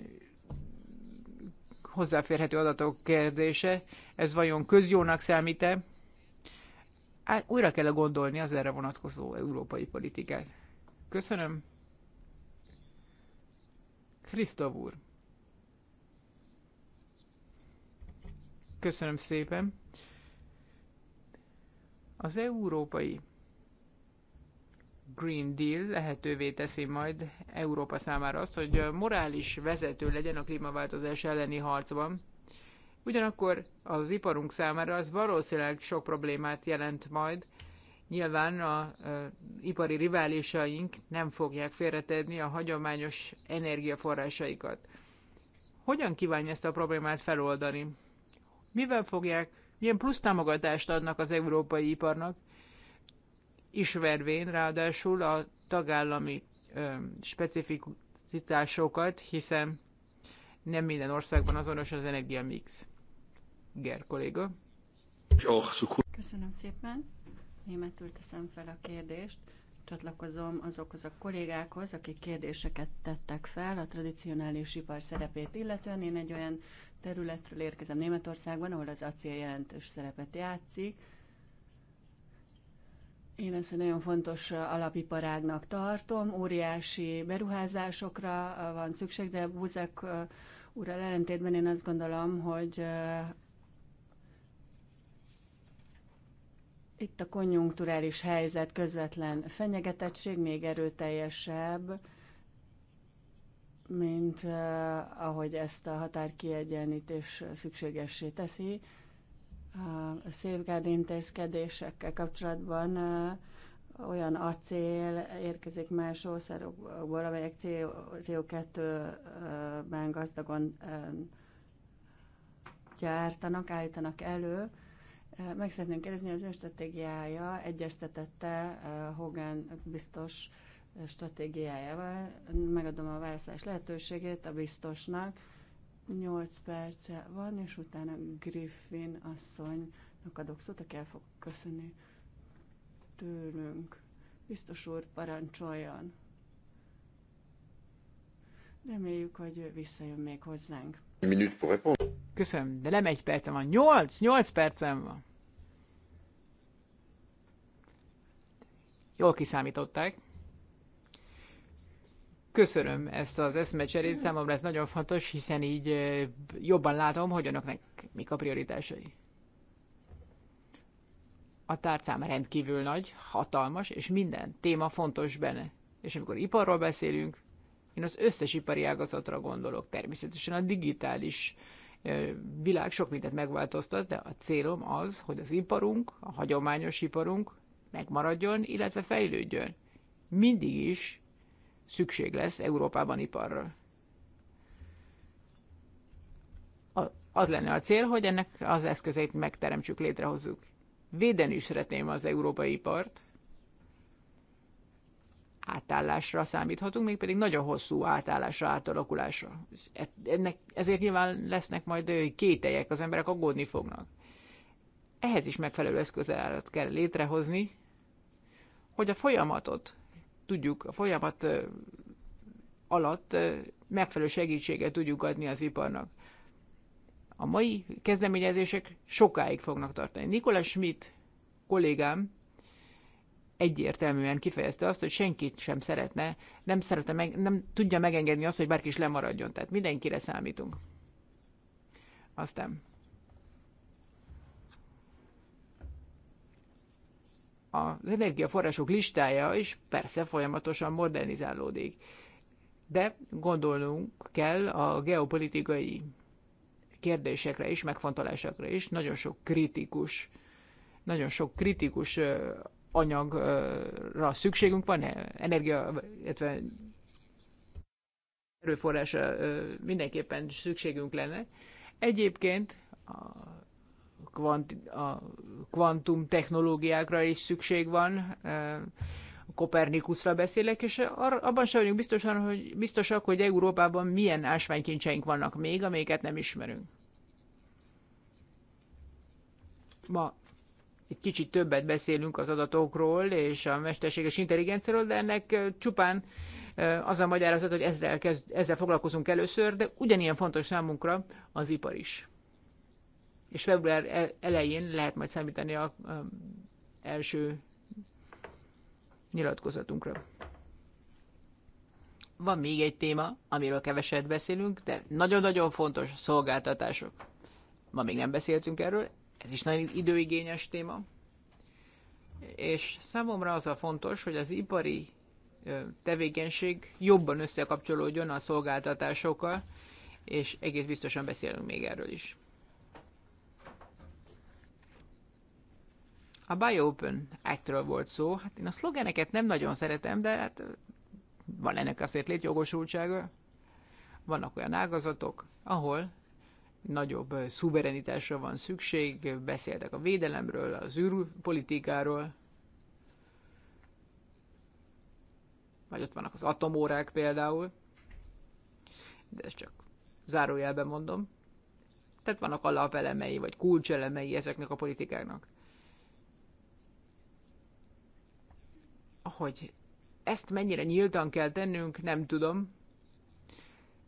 hozzáférhető adatok kérdése, ez vajon közjónak számít-e? Újra kell gondolni az erre vonatkozó európai politikát. Köszönöm. Krisztov úr. Köszönöm szépen. Az európai Green Deal lehetővé teszi majd Európa számára azt, hogy morális vezető legyen a klímaváltozás elleni harcban. Ugyanakkor az iparunk számára az valószínűleg sok problémát jelent majd. Nyilván a ipari riválisaink nem fogják félretedni a hagyományos energiaforrásaikat. Hogyan kívánja ezt a problémát feloldani? mivel fogják, milyen plusz támogatást adnak az európai iparnak, ismervén ráadásul a tagállami ö, specifikusításokat, hiszen nem minden országban azonos az energiamix. Ger kolléga. Köszönöm szépen. Németül teszem fel a kérdést csatlakozom azokhoz a kollégákhoz, akik kérdéseket tettek fel a tradicionális ipar szerepét illetően. Én egy olyan területről érkezem Németországban, ahol az acél jelentős szerepet játszik. Én ezt egy nagyon fontos alapiparágnak tartom. Óriási beruházásokra van szükség, de Buzek úrral ellentétben én azt gondolom, hogy Itt a konjunkturális helyzet közvetlen fenyegetettség még erőteljesebb, mint uh, ahogy ezt a határkiegyenlítés szükségessé teszi. A safeguard intézkedésekkel kapcsolatban uh, olyan acél érkezik más országokból, amelyek CO2-ben gazdagon gyártanak, állítanak elő, meg szeretném kérdezni, az ön stratégiája egyeztetette eh, Hogan biztos eh, stratégiájával. Megadom a válaszolás lehetőségét a biztosnak. 8 perce van, és utána Griffin asszonynak adok szót, aki el fog köszönni tőlünk. Biztos úr, parancsoljon! Reméljük, hogy visszajön még hozzánk. Köszönöm, de nem egy percem van, nyolc, nyolc percem van. Jól kiszámították. Köszönöm ezt az eszmecserét, számomra ez nagyon fontos, hiszen így jobban látom, hogy önöknek mik a prioritásai. A tárcám rendkívül nagy, hatalmas, és minden téma fontos benne. És amikor iparról beszélünk, én az összes ipari ágazatra gondolok. Természetesen a digitális világ sok mindent megváltoztat, de a célom az, hogy az iparunk, a hagyományos iparunk megmaradjon, illetve fejlődjön. Mindig is szükség lesz Európában iparra. Az lenne a cél, hogy ennek az eszközeit megteremtsük, létrehozzuk. Védeni is szeretném az európai ipart. Átállásra számíthatunk, mégpedig nagyon hosszú átállásra, átalakulásra. Ennek, ezért nyilván lesznek majd kételyek, az emberek aggódni fognak. Ehhez is megfelelő eszközállat kell létrehozni, hogy a folyamatot tudjuk, a folyamat alatt megfelelő segítséget tudjuk adni az iparnak. A mai kezdeményezések sokáig fognak tartani. Nikola Schmidt kollégám egyértelműen kifejezte azt, hogy senkit sem szeretne, nem, szeretne meg, nem tudja megengedni azt, hogy bárki is lemaradjon. Tehát mindenkire számítunk. Aztán az energiaforrások listája is persze folyamatosan modernizálódik. De gondolnunk kell a geopolitikai kérdésekre is, megfontolásokra is. Nagyon sok kritikus, nagyon sok kritikus anyagra szükségünk van, e, energia, illetve erőforrásra mindenképpen szükségünk lenne. Egyébként a kvant, a kvantum technológiákra is szükség van, Kopernikusra beszélek, és abban sem vagyunk biztosan, hogy, biztosak, hogy Európában milyen ásványkincseink vannak még, amelyeket nem ismerünk. Ma egy kicsit többet beszélünk az adatokról és a mesterséges intelligenciáról, de ennek csupán az a magyarázat, hogy ezzel, kezd, ezzel foglalkozunk először, de ugyanilyen fontos számunkra az ipar is és február e- elején lehet majd számítani a, első nyilatkozatunkra. Van még egy téma, amiről keveset beszélünk, de nagyon-nagyon fontos szolgáltatások. Ma még nem beszéltünk erről, ez is nagyon időigényes téma. És számomra az a fontos, hogy az ipari tevékenység jobban összekapcsolódjon a szolgáltatásokkal, és egész biztosan beszélünk még erről is. A Biopen Open Act-ről volt szó. Hát én a szlogeneket nem nagyon szeretem, de hát van ennek azért létjogosultsága. Vannak olyan ágazatok, ahol nagyobb szuverenitásra van szükség, beszéltek a védelemről, az űrpolitikáról, vagy ott vannak az atomórák például, de ezt csak zárójelben mondom. Tehát vannak alapelemei, vagy kulcselemei ezeknek a politikáknak. hogy ezt mennyire nyíltan kell tennünk, nem tudom,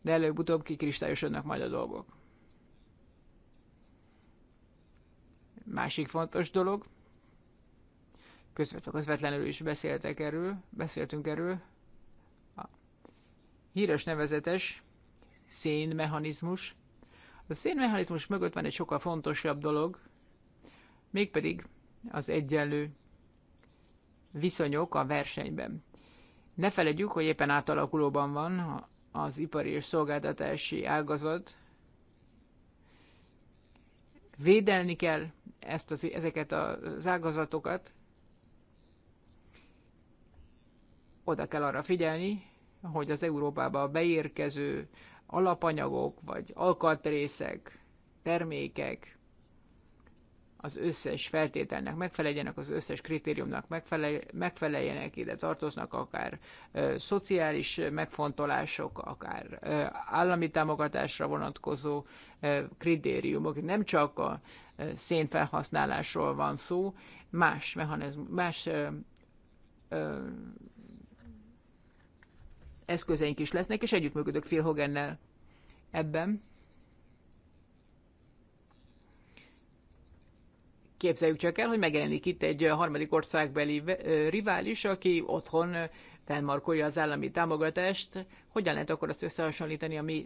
de előbb-utóbb kikristályosodnak majd a dolgok. Másik fontos dolog, közvetlenül, közvetlenül is beszéltek erről, beszéltünk erről, a híres nevezetes szénmechanizmus. A szénmechanizmus mögött van egy sokkal fontosabb dolog, mégpedig az egyenlő viszonyok a versenyben. Ne felejtjük, hogy éppen átalakulóban van az ipari és szolgáltatási ágazat. Védelni kell ezt az, ezeket az ágazatokat. Oda kell arra figyelni, hogy az Európába beérkező alapanyagok vagy alkatrészek, termékek az összes feltételnek megfeleljenek, az összes kritériumnak megfeleljenek, ide tartoznak akár ö, szociális megfontolások, akár ö, állami támogatásra vonatkozó ö, kritériumok. Nem csak a ö, szénfelhasználásról van szó, más mechanizmus, más ö, ö, eszközeink is lesznek, és együttműködök Phil Hogan-nel ebben. Képzeljük csak el, hogy megjelenik itt egy harmadik országbeli rivális, aki otthon felmarkolja az állami támogatást. Hogyan lehet akkor azt összehasonlítani a mi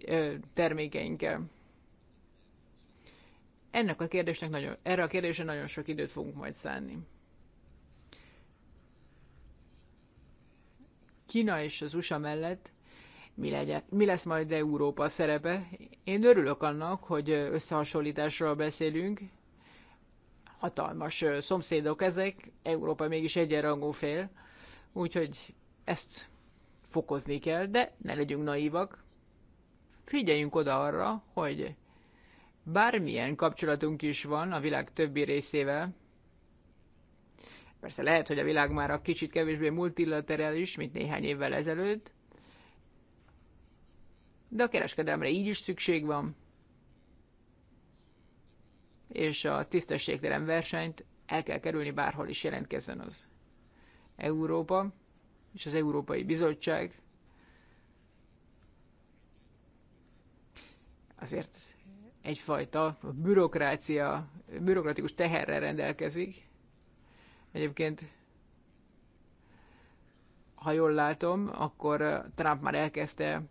termékeinkkel? Ennek a kérdésnek nagyon, erre a kérdésre nagyon sok időt fogunk majd szánni. Kína és az USA mellett mi, legyen, mi lesz majd Európa szerepe. Én örülök annak, hogy összehasonlításról beszélünk, hatalmas szomszédok ezek, Európa mégis egyenrangú fél, úgyhogy ezt fokozni kell, de ne legyünk naívak. Figyeljünk oda arra, hogy bármilyen kapcsolatunk is van a világ többi részével, persze lehet, hogy a világ már a kicsit kevésbé multilaterális, mint néhány évvel ezelőtt, de a kereskedelemre így is szükség van, és a tisztességtelen versenyt el kell kerülni, bárhol is jelentkezzen az Európa és az Európai Bizottság. Azért egyfajta bürokrácia, bürokratikus teherrel rendelkezik. Egyébként, ha jól látom, akkor Trump már elkezdte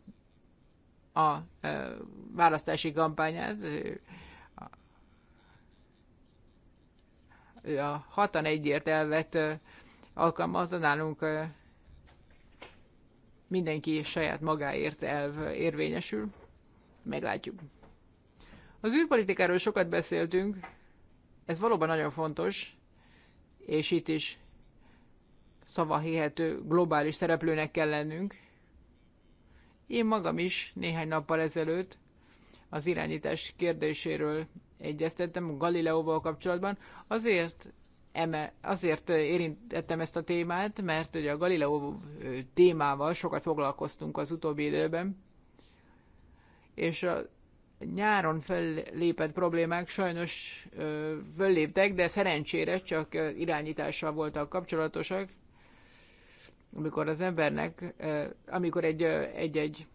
a e, választási kampányát, a 61-ért elvet alkalmazza nálunk mindenki saját magáért elv érvényesül. Meglátjuk. Az űrpolitikáról sokat beszéltünk, ez valóban nagyon fontos, és itt is hihető globális szereplőnek kell lennünk. Én magam is néhány nappal ezelőtt az irányítás kérdéséről egyeztettem a Galileóval kapcsolatban. Azért, eme, azért érintettem ezt a témát, mert ugye a Galileo témával sokat foglalkoztunk az utóbbi időben, és a nyáron fellépett problémák sajnos fölléptek, de szerencsére csak irányítással voltak kapcsolatosak, amikor az embernek, amikor egy, egy-egy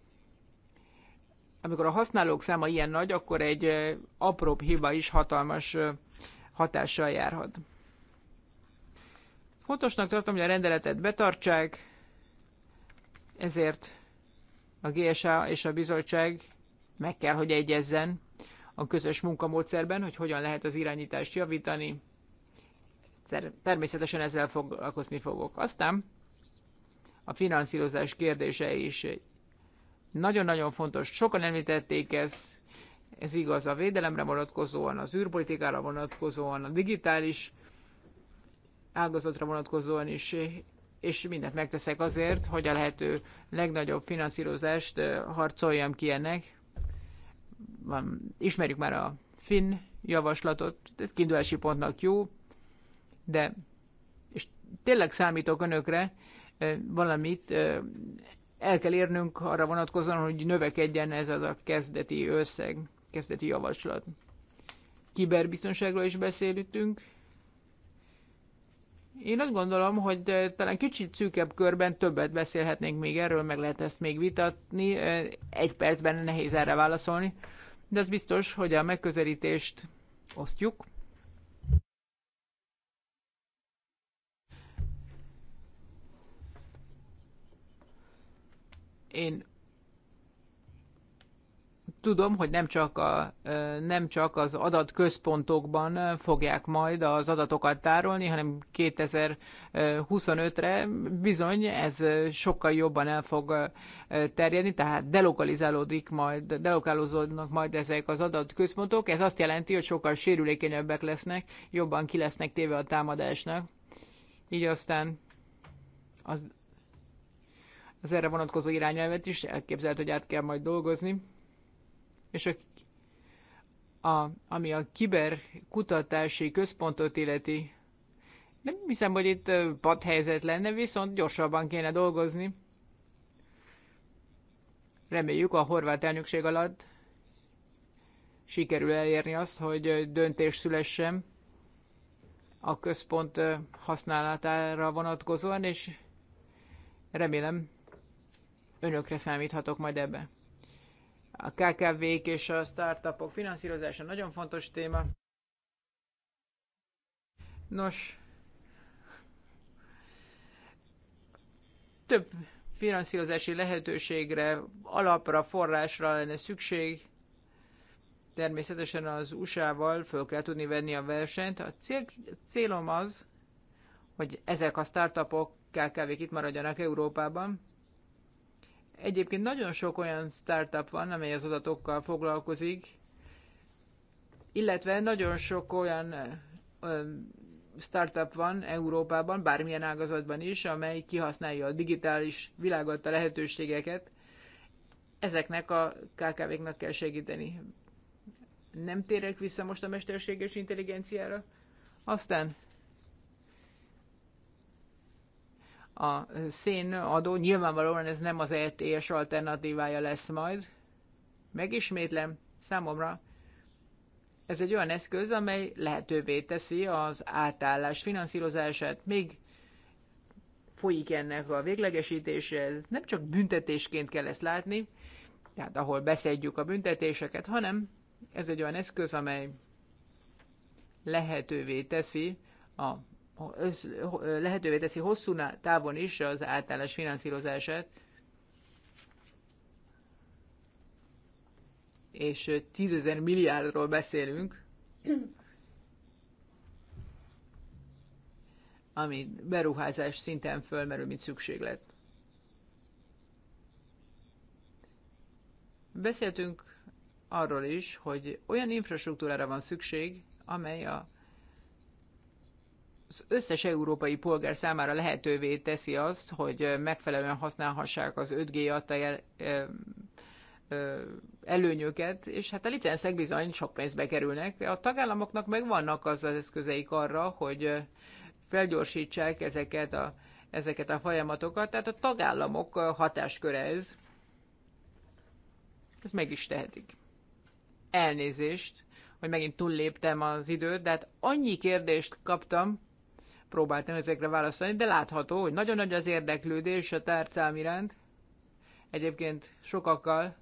amikor a használók száma ilyen nagy, akkor egy apróbb hiba is hatalmas hatással járhat. Fontosnak tartom, hogy a rendeletet betartsák, ezért a GSA és a bizottság meg kell, hogy egyezzen a közös munkamódszerben, hogy hogyan lehet az irányítást javítani. Természetesen ezzel foglalkozni fogok. Aztán a finanszírozás kérdése is nagyon-nagyon fontos, sokan említették ezt, ez igaz a védelemre vonatkozóan, az űrpolitikára vonatkozóan, a digitális ágazatra vonatkozóan is, és mindent megteszek azért, hogy a lehető legnagyobb finanszírozást eh, harcoljam ki ennek. Van, ismerjük már a finn javaslatot, ez kiindulási pontnak jó, de és tényleg számítok önökre, eh, valamit eh, el kell érnünk arra vonatkozóan, hogy növekedjen ez az a kezdeti összeg, kezdeti javaslat. Kiberbiztonságról is beszéltünk. Én azt gondolom, hogy eh, talán kicsit szűkebb körben többet beszélhetnénk még erről, meg lehet ezt még vitatni. Eh, egy percben nehéz erre válaszolni, de az biztos, hogy a megközelítést osztjuk. Én tudom, hogy nem csak, a, nem csak az adatközpontokban fogják majd az adatokat tárolni, hanem 2025-re bizony ez sokkal jobban el fog terjedni, tehát delokalizálódik majd, delokalizódnak majd ezek az adatközpontok. Ez azt jelenti, hogy sokkal sérülékenyebbek lesznek, jobban ki lesznek téve a támadásnak. Így aztán az az erre vonatkozó irányelvet is, elképzelt, hogy át kell majd dolgozni. És a, a, ami a kiberkutatási központot illeti, nem hiszem, hogy itt helyzet lenne, viszont gyorsabban kéne dolgozni. Reméljük a horvát elnökség alatt sikerül elérni azt, hogy döntés szülessen a központ használatára vonatkozóan, és remélem önökre számíthatok majd ebbe. A KKV-k és a startupok finanszírozása nagyon fontos téma. Nos, több finanszírozási lehetőségre, alapra, forrásra lenne szükség. Természetesen az USA-val föl kell tudni venni a versenyt. A cél, célom az, hogy ezek a startupok, KKV-k itt maradjanak Európában. Egyébként nagyon sok olyan startup van, amely az adatokkal foglalkozik, illetve nagyon sok olyan startup van Európában, bármilyen ágazatban is, amely kihasználja a digitális világot, a lehetőségeket. Ezeknek a KKV-knak kell segíteni. Nem térek vissza most a mesterséges intelligenciára. Aztán a szénadó. Nyilvánvalóan ez nem az ETS alternatívája lesz majd. Megismétlem, számomra ez egy olyan eszköz, amely lehetővé teszi az átállás finanszírozását, még folyik ennek a véglegesítése, ez nem csak büntetésként kell ezt látni, tehát ahol beszedjük a büntetéseket, hanem ez egy olyan eszköz, amely lehetővé teszi a lehetővé teszi hosszú távon is az általános finanszírozását, és tízezer milliárdról beszélünk, ami beruházás szinten fölmerül, mint szükséglet. Beszéltünk arról is, hogy olyan infrastruktúrára van szükség, amely a az összes európai polgár számára lehetővé teszi azt, hogy megfelelően használhassák az 5G adta el, előnyöket, és hát a licenszek bizony sok pénzbe kerülnek. A tagállamoknak meg vannak az, az eszközeik arra, hogy felgyorsítsák ezeket a, ezeket a folyamatokat, tehát a tagállamok hatásköre ez. Ezt meg is tehetik. Elnézést, hogy megint túlléptem az időt, de hát annyi kérdést kaptam, próbáltam ezekre válaszolni, de látható, hogy nagyon nagy az érdeklődés a tárcám iránt. Egyébként sokakkal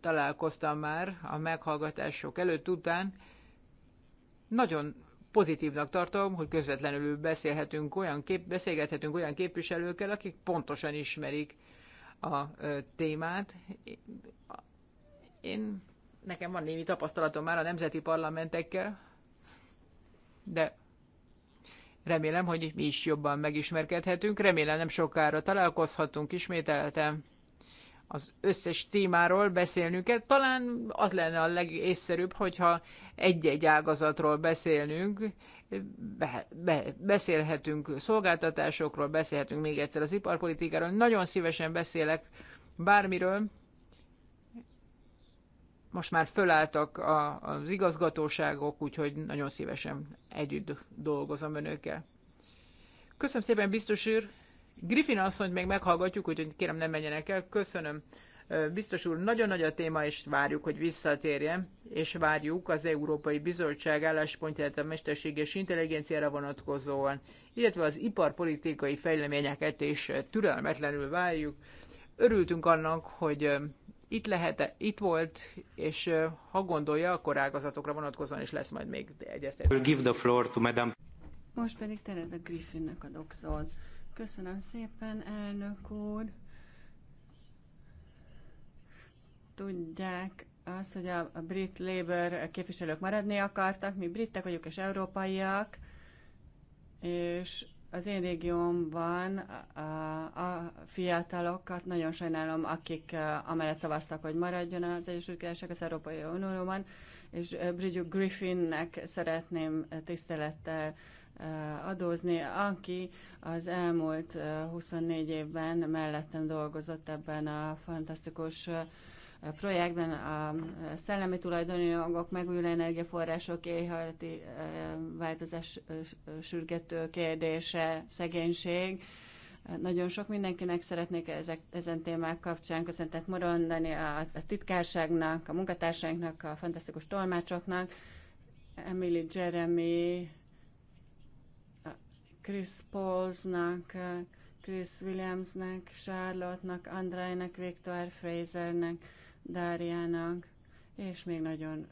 találkoztam már a meghallgatások előtt, után. Nagyon pozitívnak tartom, hogy közvetlenül beszélhetünk olyan kép, beszélgethetünk olyan képviselőkkel, akik pontosan ismerik a témát. Én, nekem van némi tapasztalatom már a nemzeti parlamentekkel, de Remélem, hogy mi is jobban megismerkedhetünk, remélem nem sokára találkozhatunk ismételten. Az összes témáról beszélnünk kell. Talán az lenne a legészszerűbb, hogyha egy-egy ágazatról beszélnünk, be, be, beszélhetünk szolgáltatásokról, beszélhetünk még egyszer az iparpolitikáról. Nagyon szívesen beszélek bármiről, most már fölálltak a, az igazgatóságok, úgyhogy nagyon szívesen együtt dolgozom önökkel. Köszönöm szépen, biztos úr. Griffin asszonyt még meghallgatjuk, úgyhogy kérem nem menjenek el. Köszönöm. Biztos úr, nagyon nagy a téma, és várjuk, hogy visszatérjen, és várjuk az Európai Bizottság álláspontját a mesterséges intelligenciára vonatkozóan, illetve az iparpolitikai fejleményeket is türelmetlenül várjuk. Örültünk annak, hogy itt, lehet, itt volt, és ha gondolja, akkor ágazatokra vonatkozóan is lesz majd még egyeztetés. Give the floor to Madame. Most pedig Tereza Griffinnek adok szót. Köszönöm szépen, elnök úr. Tudják azt, hogy a, a brit labor képviselők maradni akartak, mi britek vagyunk és európaiak, és az én régiómban a fiatalokat nagyon sajnálom, akik amellett szavaztak, hogy maradjon az Egyesült Királyság az Európai Unióban, és Bridget Griffinnek szeretném tisztelettel adózni, aki az elmúlt 24 évben mellettem dolgozott ebben a fantasztikus projektben a szellemi tulajdoni jogok, megújuló energiaforrások, éhajlati eh, változás eh, sürgető kérdése, szegénység, nagyon sok mindenkinek szeretnék ezek, ezen témák kapcsán köszöntet mondani a, a titkárságnak, a munkatársainknak, a fantasztikus tolmácsoknak, Emily Jeremy, Chris Paulsnak, Chris Williamsnek, Charlotte-nak, Andrejnek, Viktor Frasernek, Dáriának, és még nagyon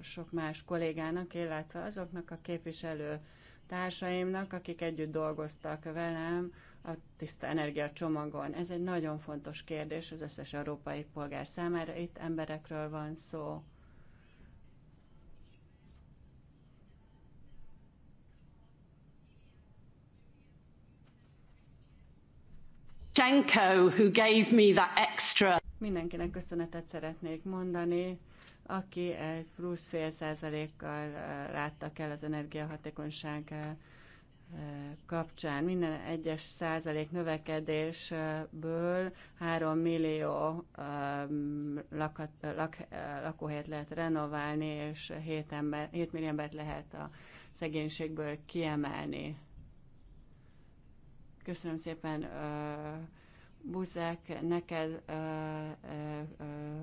sok más kollégának, illetve azoknak a képviselő társaimnak, akik együtt dolgoztak velem a tiszta energia csomagon. Ez egy nagyon fontos kérdés az összes európai polgár számára. Itt emberekről van szó. Jenko, who gave me that extra Mindenkinek köszönetet szeretnék mondani, aki egy plusz fél százalékkal láttak el az energiahatékonyság kapcsán. Minden egyes százalék növekedésből 3 millió lakhat, lak, lakóhelyet lehet renoválni, és 7, ember, 7 millió embert lehet a szegénységből kiemelni. Köszönöm szépen Buzek, neked ö, ö, ö,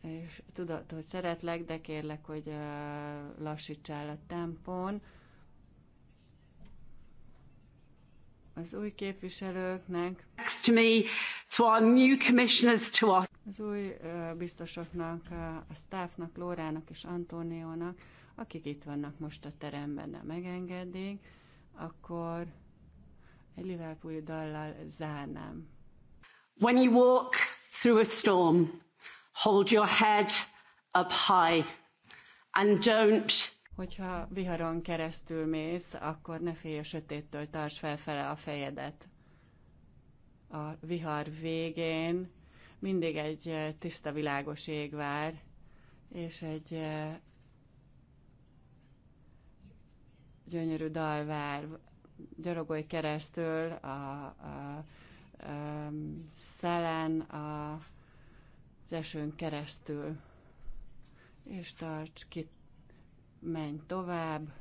és tudod, hogy szeretlek, de kérlek, hogy ö, lassítsál a tempón. Az új képviselőknek, next to me, to our new commissioners, to us. az új ö, biztosoknak, a staffnak, Lórának és Antóniónak, akik itt vannak most a teremben, de megengedik, akkor egy Liverpooli dallal zárnám. When you walk through a storm, hold your head up high and don't Hogyha viharon keresztül mész, akkor ne félj a sötéttől, tarts felfele a fejedet. A vihar végén mindig egy eh, tiszta világos ég vár, és egy eh, gyönyörű dal vár gyalogolj keresztül a, a, a szelen, a, az esőn keresztül, és tarts ki, menj tovább,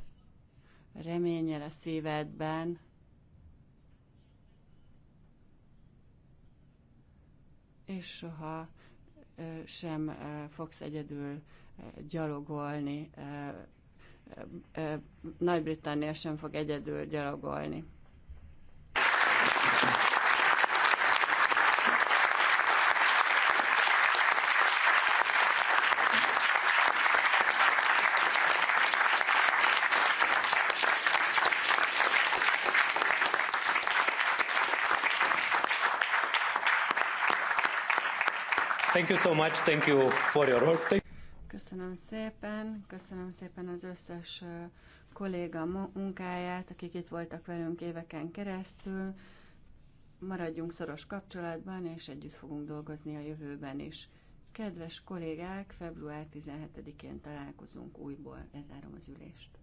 reményel a szívedben, és soha sem fogsz egyedül gyalogolni nagy-Britannia sem fog egyedül gyalogolni. Thank you so much. Thank you for your work. Köszönöm szépen, köszönöm szépen az összes kolléga munkáját, akik itt voltak velünk éveken keresztül. Maradjunk szoros kapcsolatban, és együtt fogunk dolgozni a jövőben is. Kedves kollégák, február 17-én találkozunk újból, lezárom az ülést.